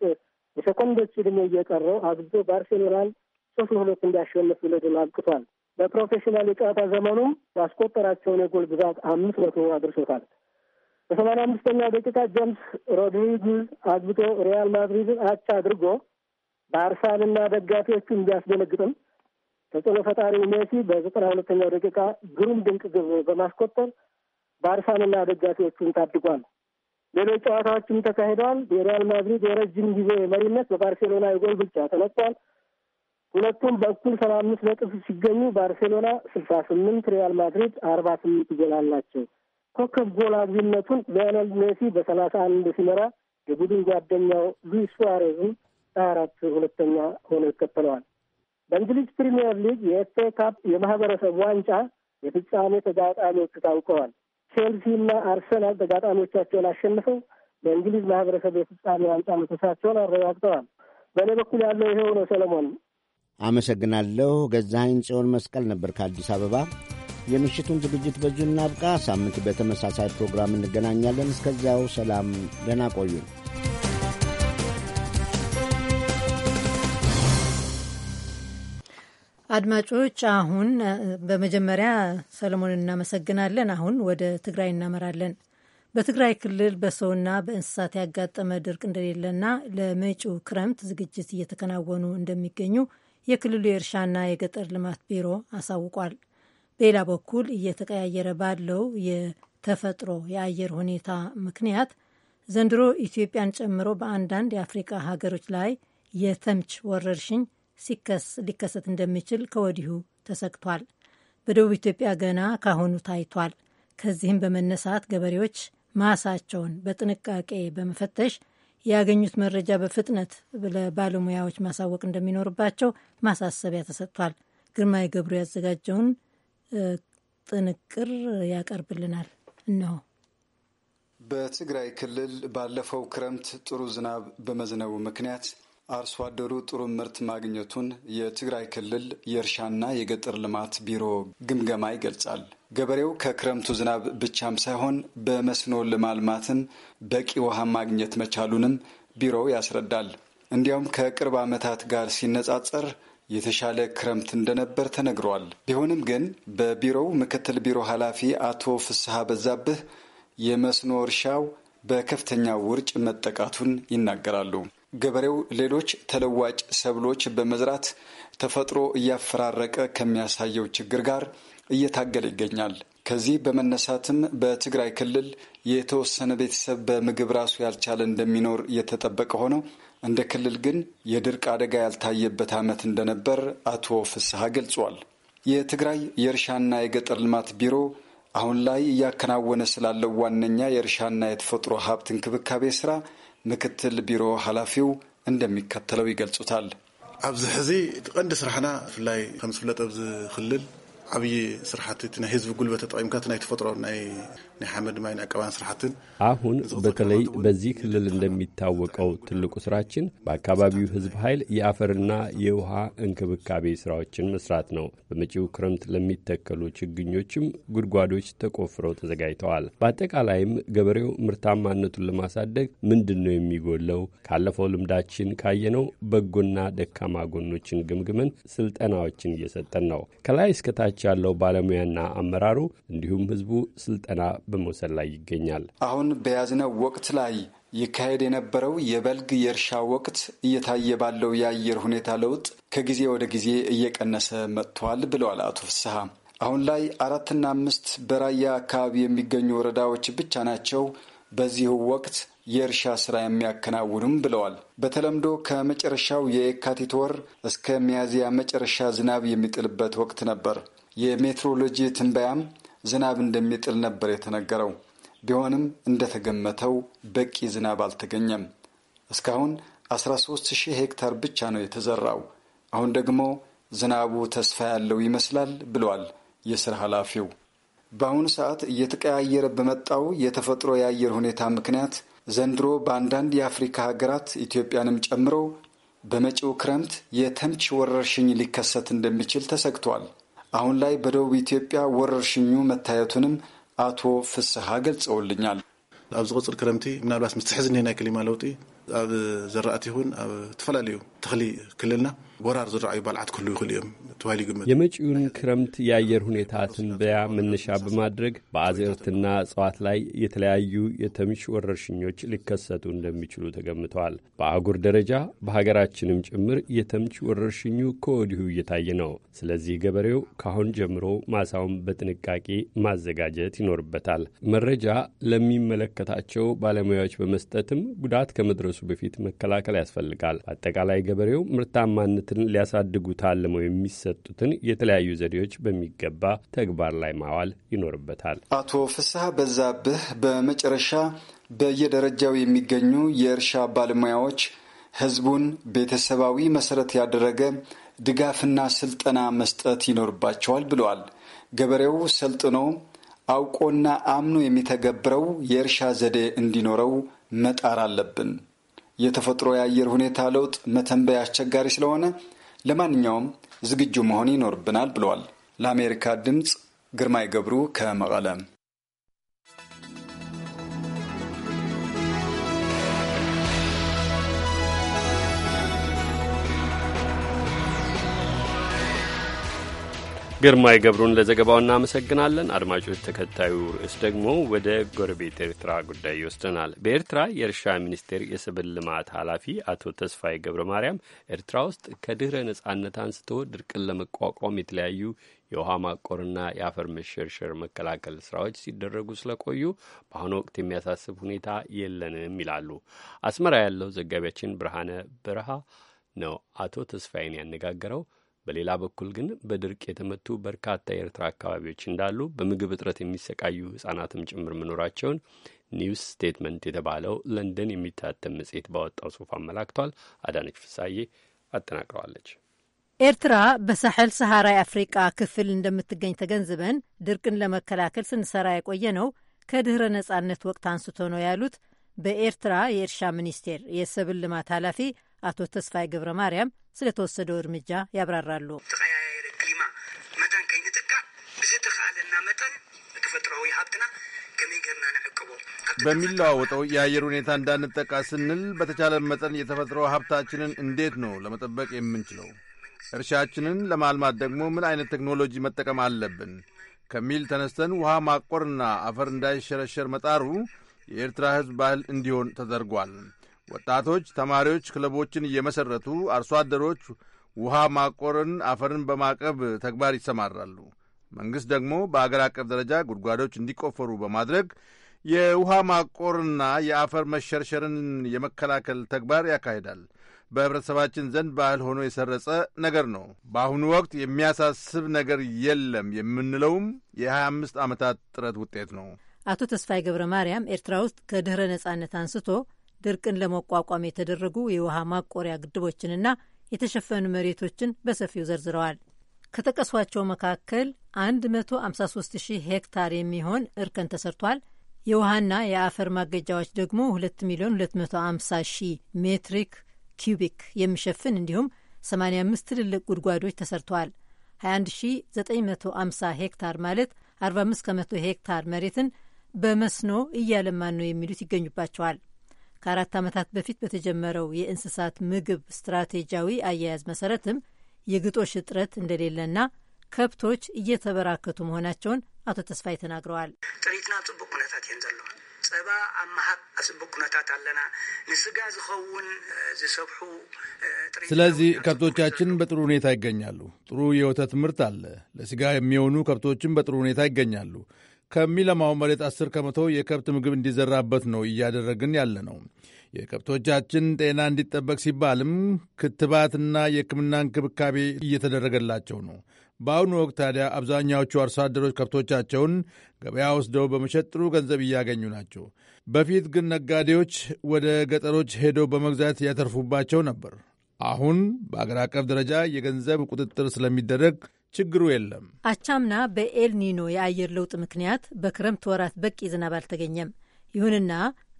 የሰኮንዶች ዕድሜ እየቀረው አግብቶ ባርሴሎናን ሶስት ለሁለት እንዲያሸንፍ ለድል አብቅቷል። በፕሮፌሽናል የጨዋታ ዘመኑም ያስቆጠራቸውን የጎል ብዛት አምስት መቶ አድርሶታል። በሰማንያ አምስተኛ ደቂቃ ጀምስ ሮድሪግዝ አግብቶ ሪያል ማድሪድን አቻ አድርጎ በአርሳልና ደጋፊዎቹ እንዲያስደነግጥም ተጽዕኖ ፈጣሪው ሜሲ በዘጠና ሁለተኛው ደቂቃ ግሩም ድንቅ ግብ በማስቆጠር ባርሳንና ደጋፊዎቹን ታድጓል። ሌሎች ጨዋታዎችም ተካሂደዋል። የሪያል ማድሪድ የረጅም ጊዜ መሪነት በባርሴሎና የጎል ብልጫ ተነጥቷል። ሁለቱም በእኩል ሰባ አምስት ነጥብ ሲገኙ ባርሴሎና ስልሳ ስምንት ሪያል ማድሪድ አርባ ስምንት ጎል አላቸው። ኮከብ ጎል አግቢነቱን ሊዮኔል ሜሲ በሰላሳ አንድ ሲመራ የቡድን ጓደኛው ሉዊስ ሱዋሬዝም ሀያ አራት ሁለተኛ ሆኖ ይከተለዋል። በእንግሊዝ ፕሪምየር ሊግ የኤፍ ካፕ የማህበረሰብ ዋንጫ የፍጻሜ ተጋጣሚዎቹ ታውቀዋል። ቼልሲ እና አርሰናል ተጋጣሚዎቻቸውን አሸንፈው በእንግሊዝ ማህበረሰብ የፍጻሜ ዋንጫ መተሳቸውን አረጋግጠዋል። በእኔ በኩል ያለው ይሄው ነው። ሰለሞን አመሰግናለሁ። ገዛኸኝ ጽዮን መስቀል ነበር ከአዲስ አበባ። የምሽቱን ዝግጅት በዚሁ እናብቃ። ሳምንት በተመሳሳይ ፕሮግራም እንገናኛለን። እስከዚያው ሰላም፣ ደህና ቆዩን። አድማጮች፣ አሁን በመጀመሪያ ሰለሞን እናመሰግናለን። አሁን ወደ ትግራይ እናመራለን። በትግራይ ክልል በሰውና በእንስሳት ያጋጠመ ድርቅ እንደሌለና ለመጪው ክረምት ዝግጅት እየተከናወኑ እንደሚገኙ የክልሉ የእርሻና የገጠር ልማት ቢሮ አሳውቋል። በሌላ በኩል እየተቀያየረ ባለው የተፈጥሮ የአየር ሁኔታ ምክንያት ዘንድሮ ኢትዮጵያን ጨምሮ በአንዳንድ የአፍሪካ ሀገሮች ላይ የተምች ወረርሽኝ ሊከሰት እንደሚችል ከወዲሁ ተሰግቷል። በደቡብ ኢትዮጵያ ገና ካሁኑ ታይቷል። ከዚህም በመነሳት ገበሬዎች ማሳቸውን በጥንቃቄ በመፈተሽ ያገኙት መረጃ በፍጥነት ለባለሙያዎች ማሳወቅ እንደሚኖርባቸው ማሳሰቢያ ተሰጥቷል። ግርማይ ገብሩ ያዘጋጀውን ጥንቅር ያቀርብልናል እነሆ። በትግራይ ክልል ባለፈው ክረምት ጥሩ ዝናብ በመዝነቡ ምክንያት አርሶ አደሩ ጥሩ ምርት ማግኘቱን የትግራይ ክልል የእርሻና የገጠር ልማት ቢሮ ግምገማ ይገልጻል። ገበሬው ከክረምቱ ዝናብ ብቻም ሳይሆን በመስኖ ለማልማትም በቂ ውሃ ማግኘት መቻሉንም ቢሮው ያስረዳል። እንዲያውም ከቅርብ ዓመታት ጋር ሲነጻጸር የተሻለ ክረምት እንደነበር ተነግሯል። ቢሆንም ግን በቢሮው ምክትል ቢሮ ኃላፊ አቶ ፍስሐ በዛብህ የመስኖ እርሻው በከፍተኛ ውርጭ መጠቃቱን ይናገራሉ። ገበሬው ሌሎች ተለዋጭ ሰብሎች በመዝራት ተፈጥሮ እያፈራረቀ ከሚያሳየው ችግር ጋር እየታገለ ይገኛል። ከዚህ በመነሳትም በትግራይ ክልል የተወሰነ ቤተሰብ በምግብ ራሱ ያልቻለ እንደሚኖር እየተጠበቀ ሆነው እንደ ክልል ግን የድርቅ አደጋ ያልታየበት ዓመት እንደነበር አቶ ፍስሐ ገልጿል። የትግራይ የእርሻና የገጠር ልማት ቢሮ አሁን ላይ እያከናወነ ስላለው ዋነኛ የእርሻና የተፈጥሮ ሀብት እንክብካቤ ስራ ምክትል ቢሮ ኃላፊው እንደሚከተለው ይገልጹታል። ኣብዚ ሕዚ ቀንዲ ስራሕና ብፍላይ ከም ዝፍለጥ ኣብዚ ክልል ዓብዪ ስራሕቲ እቲ ናይ ህዝቢ ጉልበት ተጠቂምካ ናይ ተፈጥሮ ናይ ናይ ሓመድ ማይን ኣቀባን ስራሕትን አሁን በተለይ በዚህ ክልል እንደሚታወቀው ትልቁ ስራችን በአካባቢው ህዝብ ኃይል የአፈርና የውሃ እንክብካቤ ስራዎችን መስራት ነው። በመጪው ክረምት ለሚተከሉ ችግኞችም ጉድጓዶች ተቆፍረው ተዘጋጅተዋል። በአጠቃላይም ገበሬው ምርታማነቱን ለማሳደግ ምንድን ነው የሚጎለው? ካለፈው ልምዳችን ካየነው በጎና ደካማ ጎኖችን ግምግመን ስልጠናዎችን እየሰጠን ነው። ከላይ እስከታች ያለው ባለሙያና አመራሩ እንዲሁም ህዝቡ ስልጠና በመውሰድ ላይ ይገኛል። አሁን በያዝነው ወቅት ላይ ይካሄድ የነበረው የበልግ የእርሻ ወቅት እየታየ ባለው የአየር ሁኔታ ለውጥ ከጊዜ ወደ ጊዜ እየቀነሰ መጥቷል ብለዋል አቶ ፍስሐ። አሁን ላይ አራትና አምስት በራያ አካባቢ የሚገኙ ወረዳዎች ብቻ ናቸው በዚሁ ወቅት የእርሻ ስራ የሚያከናውኑም ብለዋል። በተለምዶ ከመጨረሻው የየካቲት ወር እስከ ሚያዝያ መጨረሻ ዝናብ የሚጥልበት ወቅት ነበር። የሜትሮሎጂ ትንበያም ዝናብ እንደሚጥል ነበር የተነገረው። ቢሆንም እንደተገመተው በቂ ዝናብ አልተገኘም። እስካሁን 13 ሺህ ሄክታር ብቻ ነው የተዘራው። አሁን ደግሞ ዝናቡ ተስፋ ያለው ይመስላል ብሏል የስራ ኃላፊው። በአሁኑ ሰዓት እየተቀያየረ በመጣው የተፈጥሮ የአየር ሁኔታ ምክንያት ዘንድሮ በአንዳንድ የአፍሪካ ሀገራት ኢትዮጵያንም ጨምሮ በመጪው ክረምት የተምች ወረርሽኝ ሊከሰት እንደሚችል ተሰግቷል። አሁን ላይ በደቡብ ኢትዮጵያ ወረርሽኙ መታየቱንም አቶ ፍስሐ ገልጸውልኛል። ኣብ ዝቅፅል ክረምቲ ምናልባት ምስ ናይ ክሊማ ለውጢ ኣብ ዘራእቲ ይኹን ኣብ ዝተፈላለዩ ተኽሊ ክልልና ወራር ዝረአዩ ባልዓት ክህሉ ይኽእሉ እዮም ተባሂሉ የመጪውን ክረምት የአየር ሁኔታ ትንበያ መነሻ በማድረግ በአዝርትና እጽዋት ላይ የተለያዩ የተምች ወረርሽኞች ሊከሰቱ እንደሚችሉ ተገምተዋል። በአህጉር ደረጃ በሀገራችንም ጭምር የተምች ወረርሽኙ ከወዲሁ እየታየ ነው። ስለዚህ ገበሬው ካሁን ጀምሮ ማሳውን በጥንቃቄ ማዘጋጀት ይኖርበታል። መረጃ ለሚመለከታቸው ባለሙያዎች በመስጠትም ጉዳት ከመድረሱ በፊት መከላከል ያስፈልጋል። አጠቃላይ ገበሬው ምርታማነት ክህሎትን ሊያሳድጉ ታልመው የሚሰጡትን የተለያዩ ዘዴዎች በሚገባ ተግባር ላይ ማዋል ይኖርበታል። አቶ ፍስሐ በዛብህ በመጨረሻ በየደረጃው የሚገኙ የእርሻ ባለሙያዎች ህዝቡን ቤተሰባዊ መሰረት ያደረገ ድጋፍና ስልጠና መስጠት ይኖርባቸዋል ብለዋል። ገበሬው ሰልጥኖ አውቆና አምኖ የሚተገብረው የእርሻ ዘዴ እንዲኖረው መጣር አለብን። የተፈጥሮ የአየር ሁኔታ ለውጥ መተንበይ አስቸጋሪ ስለሆነ ለማንኛውም ዝግጁ መሆን ይኖርብናል ብለዋል። ለአሜሪካ ድምፅ ግርማይ ገብሩ ከመቀለም ግርማይ ገብሩን ለዘገባው እናመሰግናለን። አድማጮች፣ ተከታዩ ርዕስ ደግሞ ወደ ጎረቤት ኤርትራ ጉዳይ ይወስደናል። በኤርትራ የእርሻ ሚኒስቴር የሰብል ልማት ኃላፊ አቶ ተስፋዬ ገብረ ማርያም ኤርትራ ውስጥ ከድህረ ነጻነት አንስቶ ድርቅን ለመቋቋም የተለያዩ የውሃ ማቆርና የአፈር መሸርሸር መከላከል ስራዎች ሲደረጉ ስለቆዩ በአሁኑ ወቅት የሚያሳስብ ሁኔታ የለንም ይላሉ። አስመራ ያለው ዘጋቢያችን ብርሃነ በረሃ ነው አቶ ተስፋዬን ያነጋገረው። በሌላ በኩል ግን በድርቅ የተመቱ በርካታ የኤርትራ አካባቢዎች እንዳሉ በምግብ እጥረት የሚሰቃዩ ህጻናትም ጭምር መኖራቸውን ኒውስ ስቴትመንት የተባለው ለንደን የሚታተም መጽሔት ባወጣው ጽሑፍ አመላክቷል። አዳነች ፍሳዬ አጠናቅረዋለች። ኤርትራ በሳሐል ሰሃራይ አፍሪቃ ክፍል እንደምትገኝ ተገንዝበን ድርቅን ለመከላከል ስንሰራ የቆየ ነው ከድኅረ ነጻነት ወቅት አንስቶ ነው ያሉት በኤርትራ የእርሻ ሚኒስቴር የሰብል ልማት ኃላፊ አቶ ተስፋይ ገብረ ማርያም ስለተወሰደው እርምጃ ያብራራሉ። ተቀያየረ ክሊማ መጠን ከይንጥቃ ብዝተኻለና መጠን ተፈጥሮዊ ሀብትና ንዕቅቦ በሚለዋወጠው የአየር ሁኔታ እንዳንጠቃ ስንል በተቻለ መጠን የተፈጥሮ ሀብታችንን እንዴት ነው ለመጠበቅ የምንችለው? እርሻችንን ለማልማት ደግሞ ምን አይነት ቴክኖሎጂ መጠቀም አለብን ከሚል ተነስተን ውሃ ማቆርና አፈር እንዳይሸረሸር መጣሩ የኤርትራ ሕዝብ ባህል እንዲሆን ተደርጓል። ወጣቶች፣ ተማሪዎች ክለቦችን እየመሠረቱ አርሶ አደሮች ውሃ ማቆርን፣ አፈርን በማቀብ ተግባር ይሰማራሉ። መንግሥት ደግሞ በአገር አቀፍ ደረጃ ጉድጓዶች እንዲቆፈሩ በማድረግ የውሃ ማቆርና የአፈር መሸርሸርን የመከላከል ተግባር ያካሂዳል። በህብረተሰባችን ዘንድ ባህል ሆኖ የሰረጸ ነገር ነው። በአሁኑ ወቅት የሚያሳስብ ነገር የለም የምንለውም የ25 ዓመታት ጥረት ውጤት ነው። አቶ ተስፋይ ገብረ ማርያም ኤርትራ ውስጥ ከድኅረ ነጻነት አንስቶ ድርቅን ለመቋቋም የተደረጉ የውሃ ማቆሪያ ግድቦችንና የተሸፈኑ መሬቶችን በሰፊው ዘርዝረዋል። ከጠቀሷቸው መካከል 153,000 ሄክታር የሚሆን እርከን ተሰርቷል። የውሃና የአፈር ማገጃዎች ደግሞ 2 ሚሊዮን ሜትሪክ ኪዩቢክ የሚሸፍን እንዲሁም 85 ትልልቅ ጉድጓዶች ተሰርተዋል። 21950 ሄክታር ማለት 45 ከመቶ ሄክታር መሬትን በመስኖ እያለማን ነው የሚሉት ይገኙባቸዋል። ከአራት ዓመታት በፊት በተጀመረው የእንስሳት ምግብ ስትራቴጂያዊ አያያዝ መሰረትም የግጦሽ እጥረት እንደሌለና ከብቶች እየተበራከቱ መሆናቸውን አቶ ተስፋይ ተናግረዋል። ጥሪትና ጽቡቅ ኩነታት እየን ዘለዋ ፀባ ኣመሃብ መሃብ ኩነታት ኣለና ንስጋ ዝኸውን ዝሰብሑ ስለዚህ ከብቶቻችን በጥሩ ሁኔታ ይገኛሉ። ጥሩ የወተት ምርት አለ። ለስጋ የሚሆኑ ከብቶችን በጥሩ ሁኔታ ይገኛሉ። ከሚለማው መሬት 10 ከመቶ የከብት ምግብ እንዲዘራበት ነው እያደረግን ያለ ነው። የከብቶቻችን ጤና እንዲጠበቅ ሲባልም ክትባትና የሕክምና እንክብካቤ እየተደረገላቸው ነው። በአሁኑ ወቅት ታዲያ አብዛኛዎቹ አርሶ አደሮች ከብቶቻቸውን ገበያ ወስደው በመሸጥ ጥሩ ገንዘብ እያገኙ ናቸው። በፊት ግን ነጋዴዎች ወደ ገጠሮች ሄደው በመግዛት ያተርፉባቸው ነበር። አሁን በአገር አቀፍ ደረጃ የገንዘብ ቁጥጥር ስለሚደረግ ችግሩ የለም። አቻምና በኤልኒኖ የአየር ለውጥ ምክንያት በክረምት ወራት በቂ ዝናብ አልተገኘም። ይሁንና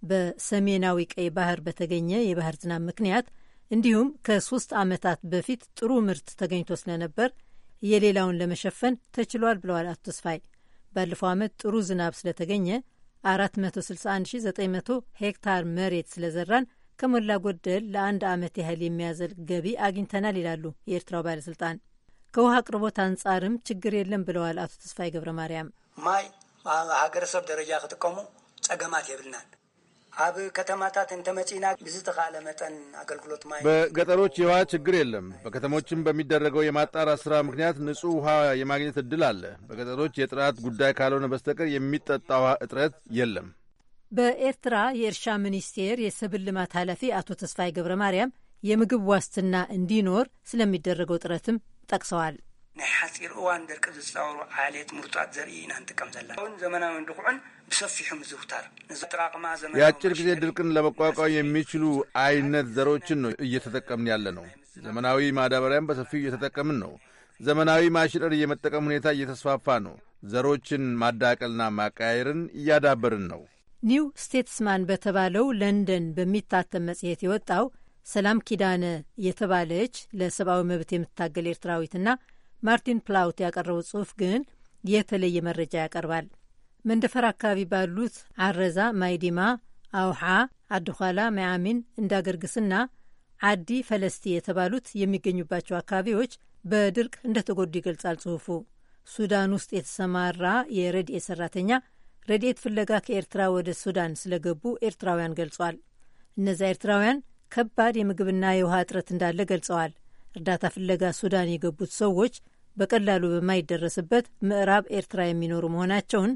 በሰሜናዊ ቀይ ባህር በተገኘ የባህር ዝናብ ምክንያት እንዲሁም ከሶስት ዓመታት በፊት ጥሩ ምርት ተገኝቶ ስለነበር የሌላውን ለመሸፈን ተችሏል ብለዋል አቶ ተስፋይ። ባለፈው ዓመት ጥሩ ዝናብ ስለተገኘ 461900 ሄክታር መሬት ስለዘራን ከሞላ ጎደል ለአንድ ዓመት ያህል የሚያዘልቅ ገቢ አግኝተናል ይላሉ የኤርትራው ባለሥልጣን። ከውሃ አቅርቦት አንጻርም ችግር የለም ብለዋል አቶ ተስፋይ ገብረ ማርያም። ማይ ሃገረሰብ ደረጃ ክጥቀሙ ጸገማት የብልናል አብ ከተማታት እንተመጪና ብዝተኻለ መጠን አገልግሎት ማይ በገጠሮች የውሃ ችግር የለም። በከተሞችም በሚደረገው የማጣራት ስራ ምክንያት ንጹህ ውሃ የማግኘት እድል አለ። በገጠሮች የጥራት ጉዳይ ካልሆነ በስተቀር የሚጠጣ ውሃ እጥረት የለም። በኤርትራ የእርሻ ሚኒስቴር የሰብል ልማት ኃላፊ አቶ ተስፋይ ገብረ ማርያም የምግብ ዋስትና እንዲኖር ስለሚደረገው ጥረትም ጠቅሰዋል። ናይ ሓፂር እዋን ደርቂ ዝፃወሩ ዓሌት ምርጫት ዘርኢ ኢና ንጥቀም ዘለና እውን ዘመናዊ ንድኩዑን ብሰፊሑ ምዝውታር ዝውታር ጥቃቅማ የአጭር ጊዜ ድርቅን ለመቋቋም የሚችሉ አይነት ዘሮችን ነው እየተጠቀምን ያለ ነው። ዘመናዊ ማዳበሪያም በሰፊው እየተጠቀምን ነው። ዘመናዊ ማሽነሪ የመጠቀም ሁኔታ እየተስፋፋ ነው። ዘሮችን ማዳቀልና ማቀያየርን እያዳበርን ነው። ኒው ስቴትስማን በተባለው ለንደን በሚታተም መጽሔት የወጣው ሰላም ኪዳነ የተባለች ለሰብአዊ መብት የምትታገል ኤርትራዊትና ማርቲን ፕላውት ያቀረቡ ጽሑፍ ግን የተለየ መረጃ ያቀርባል። መንደፈር አካባቢ ባሉት አረዛ፣ ማይዲማ፣ አውሓ፣ አድኋላ፣ መያሚን፣ እንዳገርግስና አዲ ፈለስቲ የተባሉት የሚገኙባቸው አካባቢዎች በድርቅ እንደተጎዱ ይገልጻል ጽሑፉ። ሱዳን ውስጥ የተሰማራ የረድኤት ሰራተኛ ረድኤት ፍለጋ ከኤርትራ ወደ ሱዳን ስለገቡ ኤርትራውያን ገልጿል። እነዚያ ኤርትራውያን ከባድ የምግብና የውሃ እጥረት እንዳለ ገልጸዋል። እርዳታ ፍለጋ ሱዳን የገቡት ሰዎች በቀላሉ በማይደረስበት ምዕራብ ኤርትራ የሚኖሩ መሆናቸውን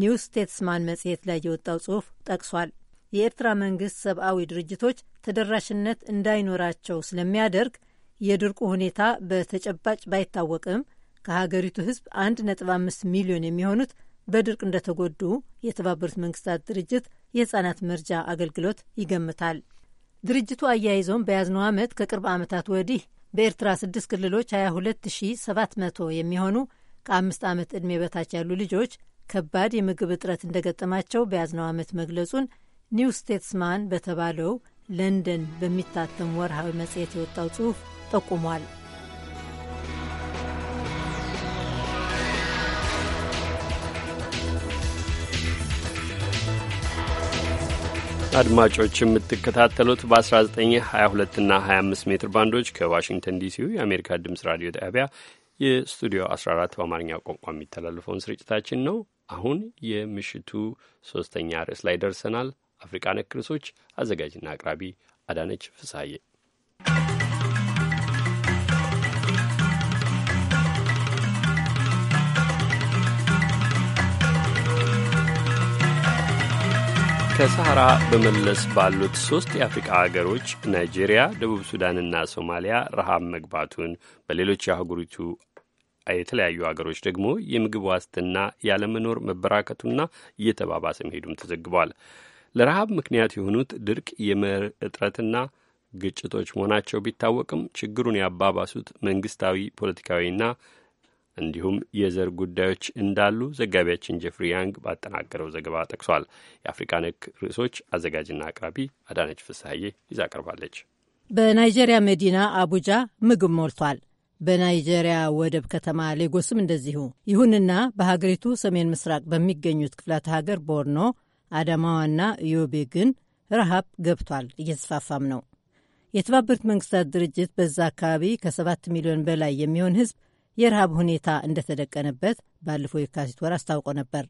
ኒው ስቴትስማን መጽሔት ላይ የወጣው ጽሑፍ ጠቅሷል። የኤርትራ መንግስት ሰብአዊ ድርጅቶች ተደራሽነት እንዳይኖራቸው ስለሚያደርግ የድርቁ ሁኔታ በተጨባጭ ባይታወቅም ከሀገሪቱ ሕዝብ 1.5 ሚሊዮን የሚሆኑት በድርቅ እንደተጎዱ የተባበሩት መንግስታት ድርጅት የሕፃናት መርጃ አገልግሎት ይገምታል። ድርጅቱ አያይዞም በያዝነው ዓመት ከቅርብ ዓመታት ወዲህ በኤርትራ ስድስት ክልሎች 22700 የሚሆኑ ከአምስት ዓመት ዕድሜ በታች ያሉ ልጆች ከባድ የምግብ እጥረት እንደገጠማቸው በያዝነው ዓመት መግለጹን ኒው ስቴትስማን በተባለው ለንደን በሚታተም ወርሃዊ መጽሔት የወጣው ጽሑፍ ጠቁሟል። አድማጮች የምትከታተሉት በ1922 እና 25 ሜትር ባንዶች ከዋሽንግተን ዲሲው የአሜሪካ ድምፅ ራዲዮ ጣቢያ የስቱዲዮ 14 በአማርኛ ቋንቋ የሚተላለፈውን ስርጭታችን ነው። አሁን የምሽቱ ሶስተኛ ርዕስ ላይ ደርሰናል። አፍሪቃ ነክ ርዕሶች አዘጋጅና አቅራቢ አዳነች ፍሳዬ ከሰሐራ በመለስ ባሉት ሦስት የአፍሪቃ አገሮች ናይጄሪያ፣ ደቡብ ሱዳንና ሶማሊያ ረሃብ መግባቱን በሌሎች የአህጉሪቱ የተለያዩ አገሮች ደግሞ የምግብ ዋስትና ያለመኖር መበራከቱና እየተባባሰ መሄዱም ተዘግቧል። ለረሃብ ምክንያት የሆኑት ድርቅ፣ የመኸር እጥረትና ግጭቶች መሆናቸው ቢታወቅም ችግሩን ያባባሱት መንግስታዊ ፖለቲካዊና እንዲሁም የዘር ጉዳዮች እንዳሉ ዘጋቢያችን ጀፍሪ ያንግ ባጠናቀረው ዘገባ ጠቅሷል። የአፍሪካ ነክ ርዕሶች አዘጋጅና አቅራቢ አዳነች ፍስሐዬ ይዛ ቀርባለች። በናይጄሪያ መዲና አቡጃ ምግብ ሞልቷል። በናይጄሪያ ወደብ ከተማ ሌጎስም እንደዚሁ። ይሁንና በሀገሪቱ ሰሜን ምስራቅ በሚገኙት ክፍላተ ሀገር ቦርኖ፣ አዳማዋና ዮቤ ግን ረሃብ ገብቷል፣ እየተስፋፋም ነው። የተባበሩት መንግስታት ድርጅት በዛ አካባቢ ከሰባት ሚሊዮን በላይ የሚሆን ህዝብ የረሃብ ሁኔታ እንደተደቀነበት ባለፈው የካቲት ወር አስታውቆ ነበር።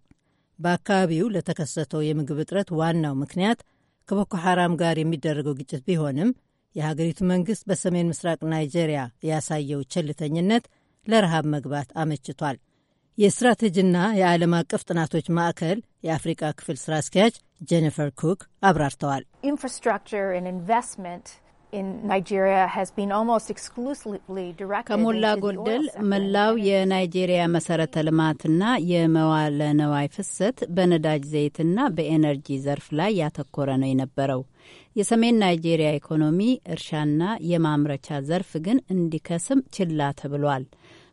በአካባቢው ለተከሰተው የምግብ እጥረት ዋናው ምክንያት ከቦኮ ሐራም ጋር የሚደረገው ግጭት ቢሆንም የሀገሪቱ መንግስት በሰሜን ምስራቅ ናይጄሪያ ያሳየው ቸልተኝነት ለረሃብ መግባት አመችቷል። የስትራቴጂና የዓለም አቀፍ ጥናቶች ማዕከል የአፍሪቃ ክፍል ስራ አስኪያጅ ጄኒፈር ኩክ አብራርተዋል። ኢንፍራስትራክቸር ኢንቨስትመንት ከሞላ ጎደል መላው የናይጄሪያ መሰረተ ልማትና የመዋለ ነዋይ ፍሰት በነዳጅ ዘይትና በኤነርጂ ዘርፍ ላይ ያተኮረ ነው የነበረው። የሰሜን ናይጄሪያ ኢኮኖሚ እርሻና የማምረቻ ዘርፍ ግን እንዲከስም ችላ ተብሏል።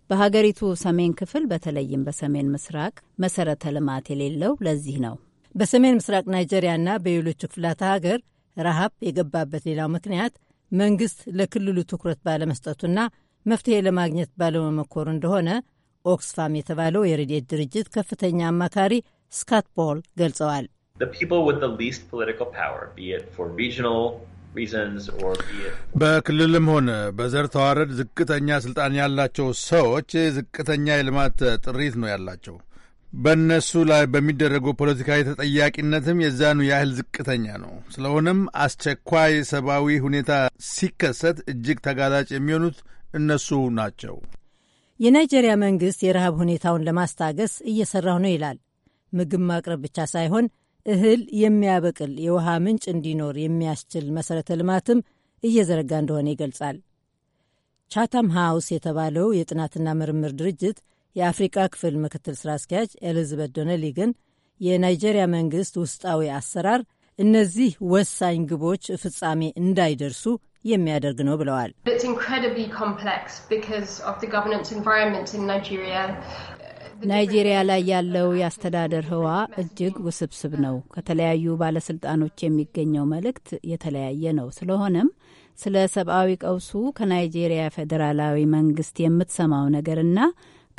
በሀገሪቱ ሰሜን ክፍል በተለይም በሰሜን ምስራቅ መሰረተ ልማት የሌለው ለዚህ ነው። በሰሜን ምስራቅ ናይጄሪያና በሌሎቹ ክፍላት ሀገር ረሃብ የገባበት ሌላው ምክንያት መንግስት ለክልሉ ትኩረት ባለመስጠቱና መፍትሄ ለማግኘት ባለመመኮሩ እንደሆነ ኦክስፋም የተባለው የረድኤት ድርጅት ከፍተኛ አማካሪ ስካት ፖል ገልጸዋል። በክልልም ሆነ በዘር ተዋረድ ዝቅተኛ ስልጣን ያላቸው ሰዎች ዝቅተኛ የልማት ጥሪት ነው ያላቸው። በእነሱ ላይ በሚደረገው ፖለቲካዊ ተጠያቂነትም የዛኑ ያህል ዝቅተኛ ነው። ስለሆነም አስቸኳይ ሰብአዊ ሁኔታ ሲከሰት እጅግ ተጋላጭ የሚሆኑት እነሱ ናቸው። የናይጄሪያ መንግሥት የረሃብ ሁኔታውን ለማስታገስ እየሠራሁ ነው ይላል። ምግብ ማቅረብ ብቻ ሳይሆን እህል የሚያበቅል የውሃ ምንጭ እንዲኖር የሚያስችል መሠረተ ልማትም እየዘረጋ እንደሆነ ይገልጻል። ቻታም ሃውስ የተባለው የጥናትና ምርምር ድርጅት የአፍሪቃ ክፍል ምክትል ስራ አስኪያጅ ኤልዝበት ዶነሊ ግን የናይጄሪያ መንግስት ውስጣዊ አሰራር እነዚህ ወሳኝ ግቦች ፍጻሜ እንዳይደርሱ የሚያደርግ ነው ብለዋል። ናይጄሪያ ላይ ያለው የአስተዳደር ህዋ እጅግ ውስብስብ ነው። ከተለያዩ ባለስልጣኖች የሚገኘው መልእክት የተለያየ ነው። ስለሆነም ስለ ሰብአዊ ቀውሱ ከናይጄሪያ ፌዴራላዊ መንግስት የምትሰማው ነገርና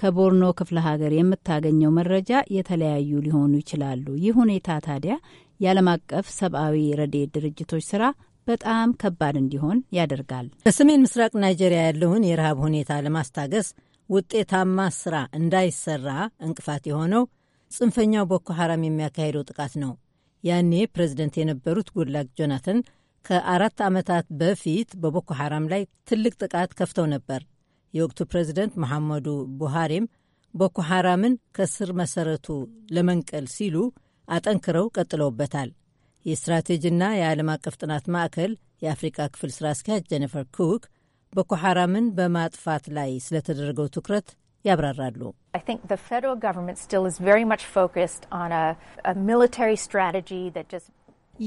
ከቦርኖ ክፍለ ሀገር የምታገኘው መረጃ የተለያዩ ሊሆኑ ይችላሉ። ይህ ሁኔታ ታዲያ የዓለም አቀፍ ሰብአዊ ረድኤት ድርጅቶች ስራ በጣም ከባድ እንዲሆን ያደርጋል። በሰሜን ምስራቅ ናይጄሪያ ያለውን የረሃብ ሁኔታ ለማስታገስ ውጤታማ ስራ እንዳይሰራ እንቅፋት የሆነው ጽንፈኛው ቦኮ ሐራም የሚያካሄደው ጥቃት ነው። ያኔ ፕሬዝደንት የነበሩት ጉድላክ ጆናተን ከአራት ዓመታት በፊት በቦኮ ሐራም ላይ ትልቅ ጥቃት ከፍተው ነበር። የወቅቱ ፕሬዚደንት መሐመዱ ቡሃሪም ቦኮ ሐራምን ከስር መሰረቱ ለመንቀል ሲሉ አጠንክረው ቀጥለውበታል። የስትራቴጂና የዓለም አቀፍ ጥናት ማዕከል የአፍሪካ ክፍል ስራ አስኪያጅ ጀኒፈር ኩክ ቦኮ ሐራምን በማጥፋት ላይ ስለተደረገው ትኩረት ያብራራሉ።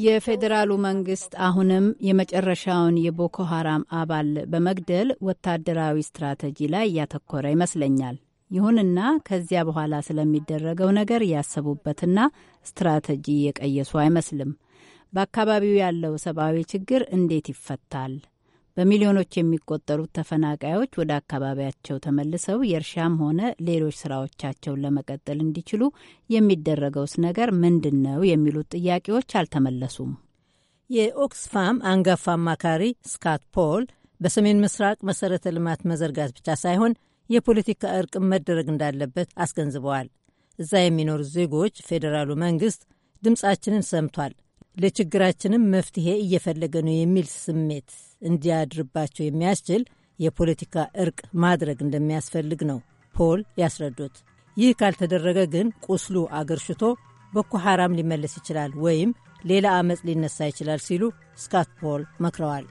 የፌዴራሉ መንግስት አሁንም የመጨረሻውን የቦኮ ሀራም አባል በመግደል ወታደራዊ ስትራቴጂ ላይ እያተኮረ ይመስለኛል። ይሁንና ከዚያ በኋላ ስለሚደረገው ነገር ያሰቡበትና ስትራቴጂ የቀየሱ አይመስልም። በአካባቢው ያለው ሰብአዊ ችግር እንዴት ይፈታል? በሚሊዮኖች የሚቆጠሩት ተፈናቃዮች ወደ አካባቢያቸው ተመልሰው የእርሻም ሆነ ሌሎች ስራዎቻቸውን ለመቀጠል እንዲችሉ የሚደረገውስ ነገር ምንድን ነው የሚሉት ጥያቄዎች አልተመለሱም። የኦክስፋም አንጋፋ አማካሪ ስካት ፖል በሰሜን ምስራቅ መሰረተ ልማት መዘርጋት ብቻ ሳይሆን የፖለቲካ እርቅ መደረግ እንዳለበት አስገንዝበዋል። እዛ የሚኖሩ ዜጎች ፌዴራሉ መንግስት ድምፃችንን ሰምቷል፣ ለችግራችንም መፍትሄ እየፈለገ ነው የሚል ስሜት እንዲያድርባቸው የሚያስችል የፖለቲካ እርቅ ማድረግ እንደሚያስፈልግ ነው ፖል ያስረዱት። ይህ ካልተደረገ ግን ቁስሉ አገርሽቶ ቦኮ ሐራም ሊመለስ ይችላል ወይም ሌላ አመፅ ሊነሳ ይችላል ሲሉ ስካት ፖል መክረዋል።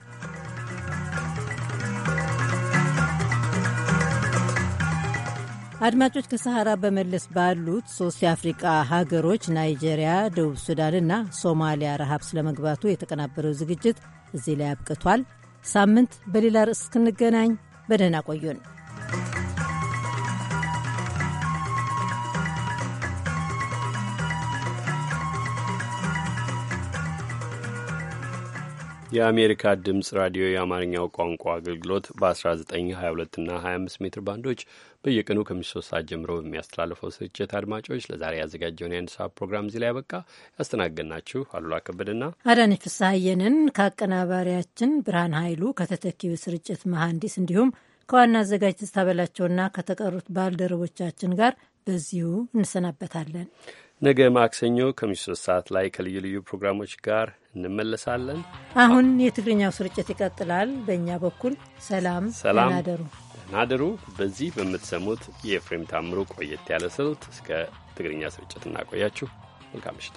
አድማጮች ከሰሐራ በመለስ ባሉት ሶስት የአፍሪቃ ሀገሮች ናይጄሪያ፣ ደቡብ ሱዳንና ሶማሊያ ረሃብ ስለመግባቱ የተቀናበረው ዝግጅት እዚህ ላይ አብቅቷል። ሳምንት በሌላ ርዕስ እስክንገናኝ በደህና ቆዩን። የአሜሪካ ድምፅ ራዲዮ የአማርኛው ቋንቋ አገልግሎት በ1922 እና 25 ሜትር ባንዶች በየቀኑ ከምሽቱ ሰዓት ጀምሮ በሚያስተላልፈው ስርጭት አድማጮች ለዛሬ ያዘጋጀውን የአንድ ሰዓት ፕሮግራም እዚህ ላይ ያበቃ። ያስተናገድናችሁ አሉላ ከበደና አዳነች ፍስሐየንን ከአቀናባሪያችን ብርሃን ኃይሉ ከተተኪው ስርጭት መሐንዲስ እንዲሁም ከዋና አዘጋጅ ስታበላቸውና ከተቀሩት ባልደረቦቻችን ጋር በዚሁ እንሰናበታለን። ነገ ማክሰኞ ከምሽቱ ሶስት ሰዓት ላይ ከልዩ ልዩ ፕሮግራሞች ጋር እንመለሳለን። አሁን የትግርኛው ስርጭት ይቀጥላል። በእኛ በኩል ሰላም ሰላም፣ ናደሩ በዚህ በምትሰሙት የኤፍሬም ታምሩ ቆየት ያለ ስልት እስከ ትግርኛ ስርጭት እናቆያችሁ። መልካም ምሽት።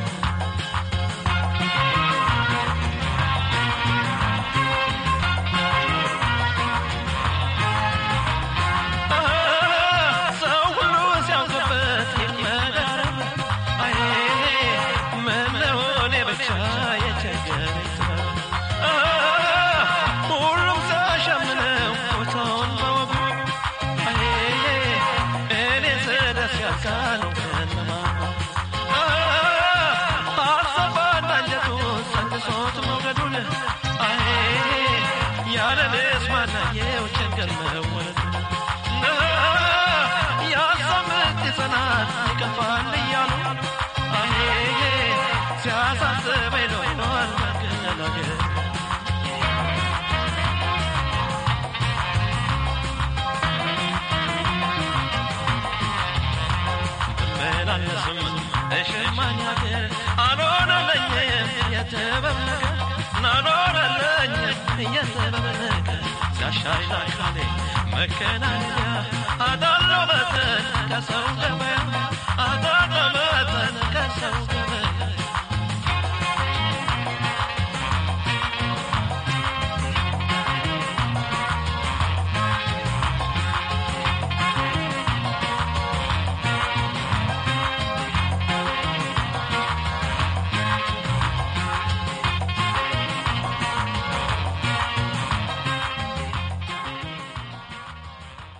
መከናኛ አዳሎ መጠን ከሰው ገበያ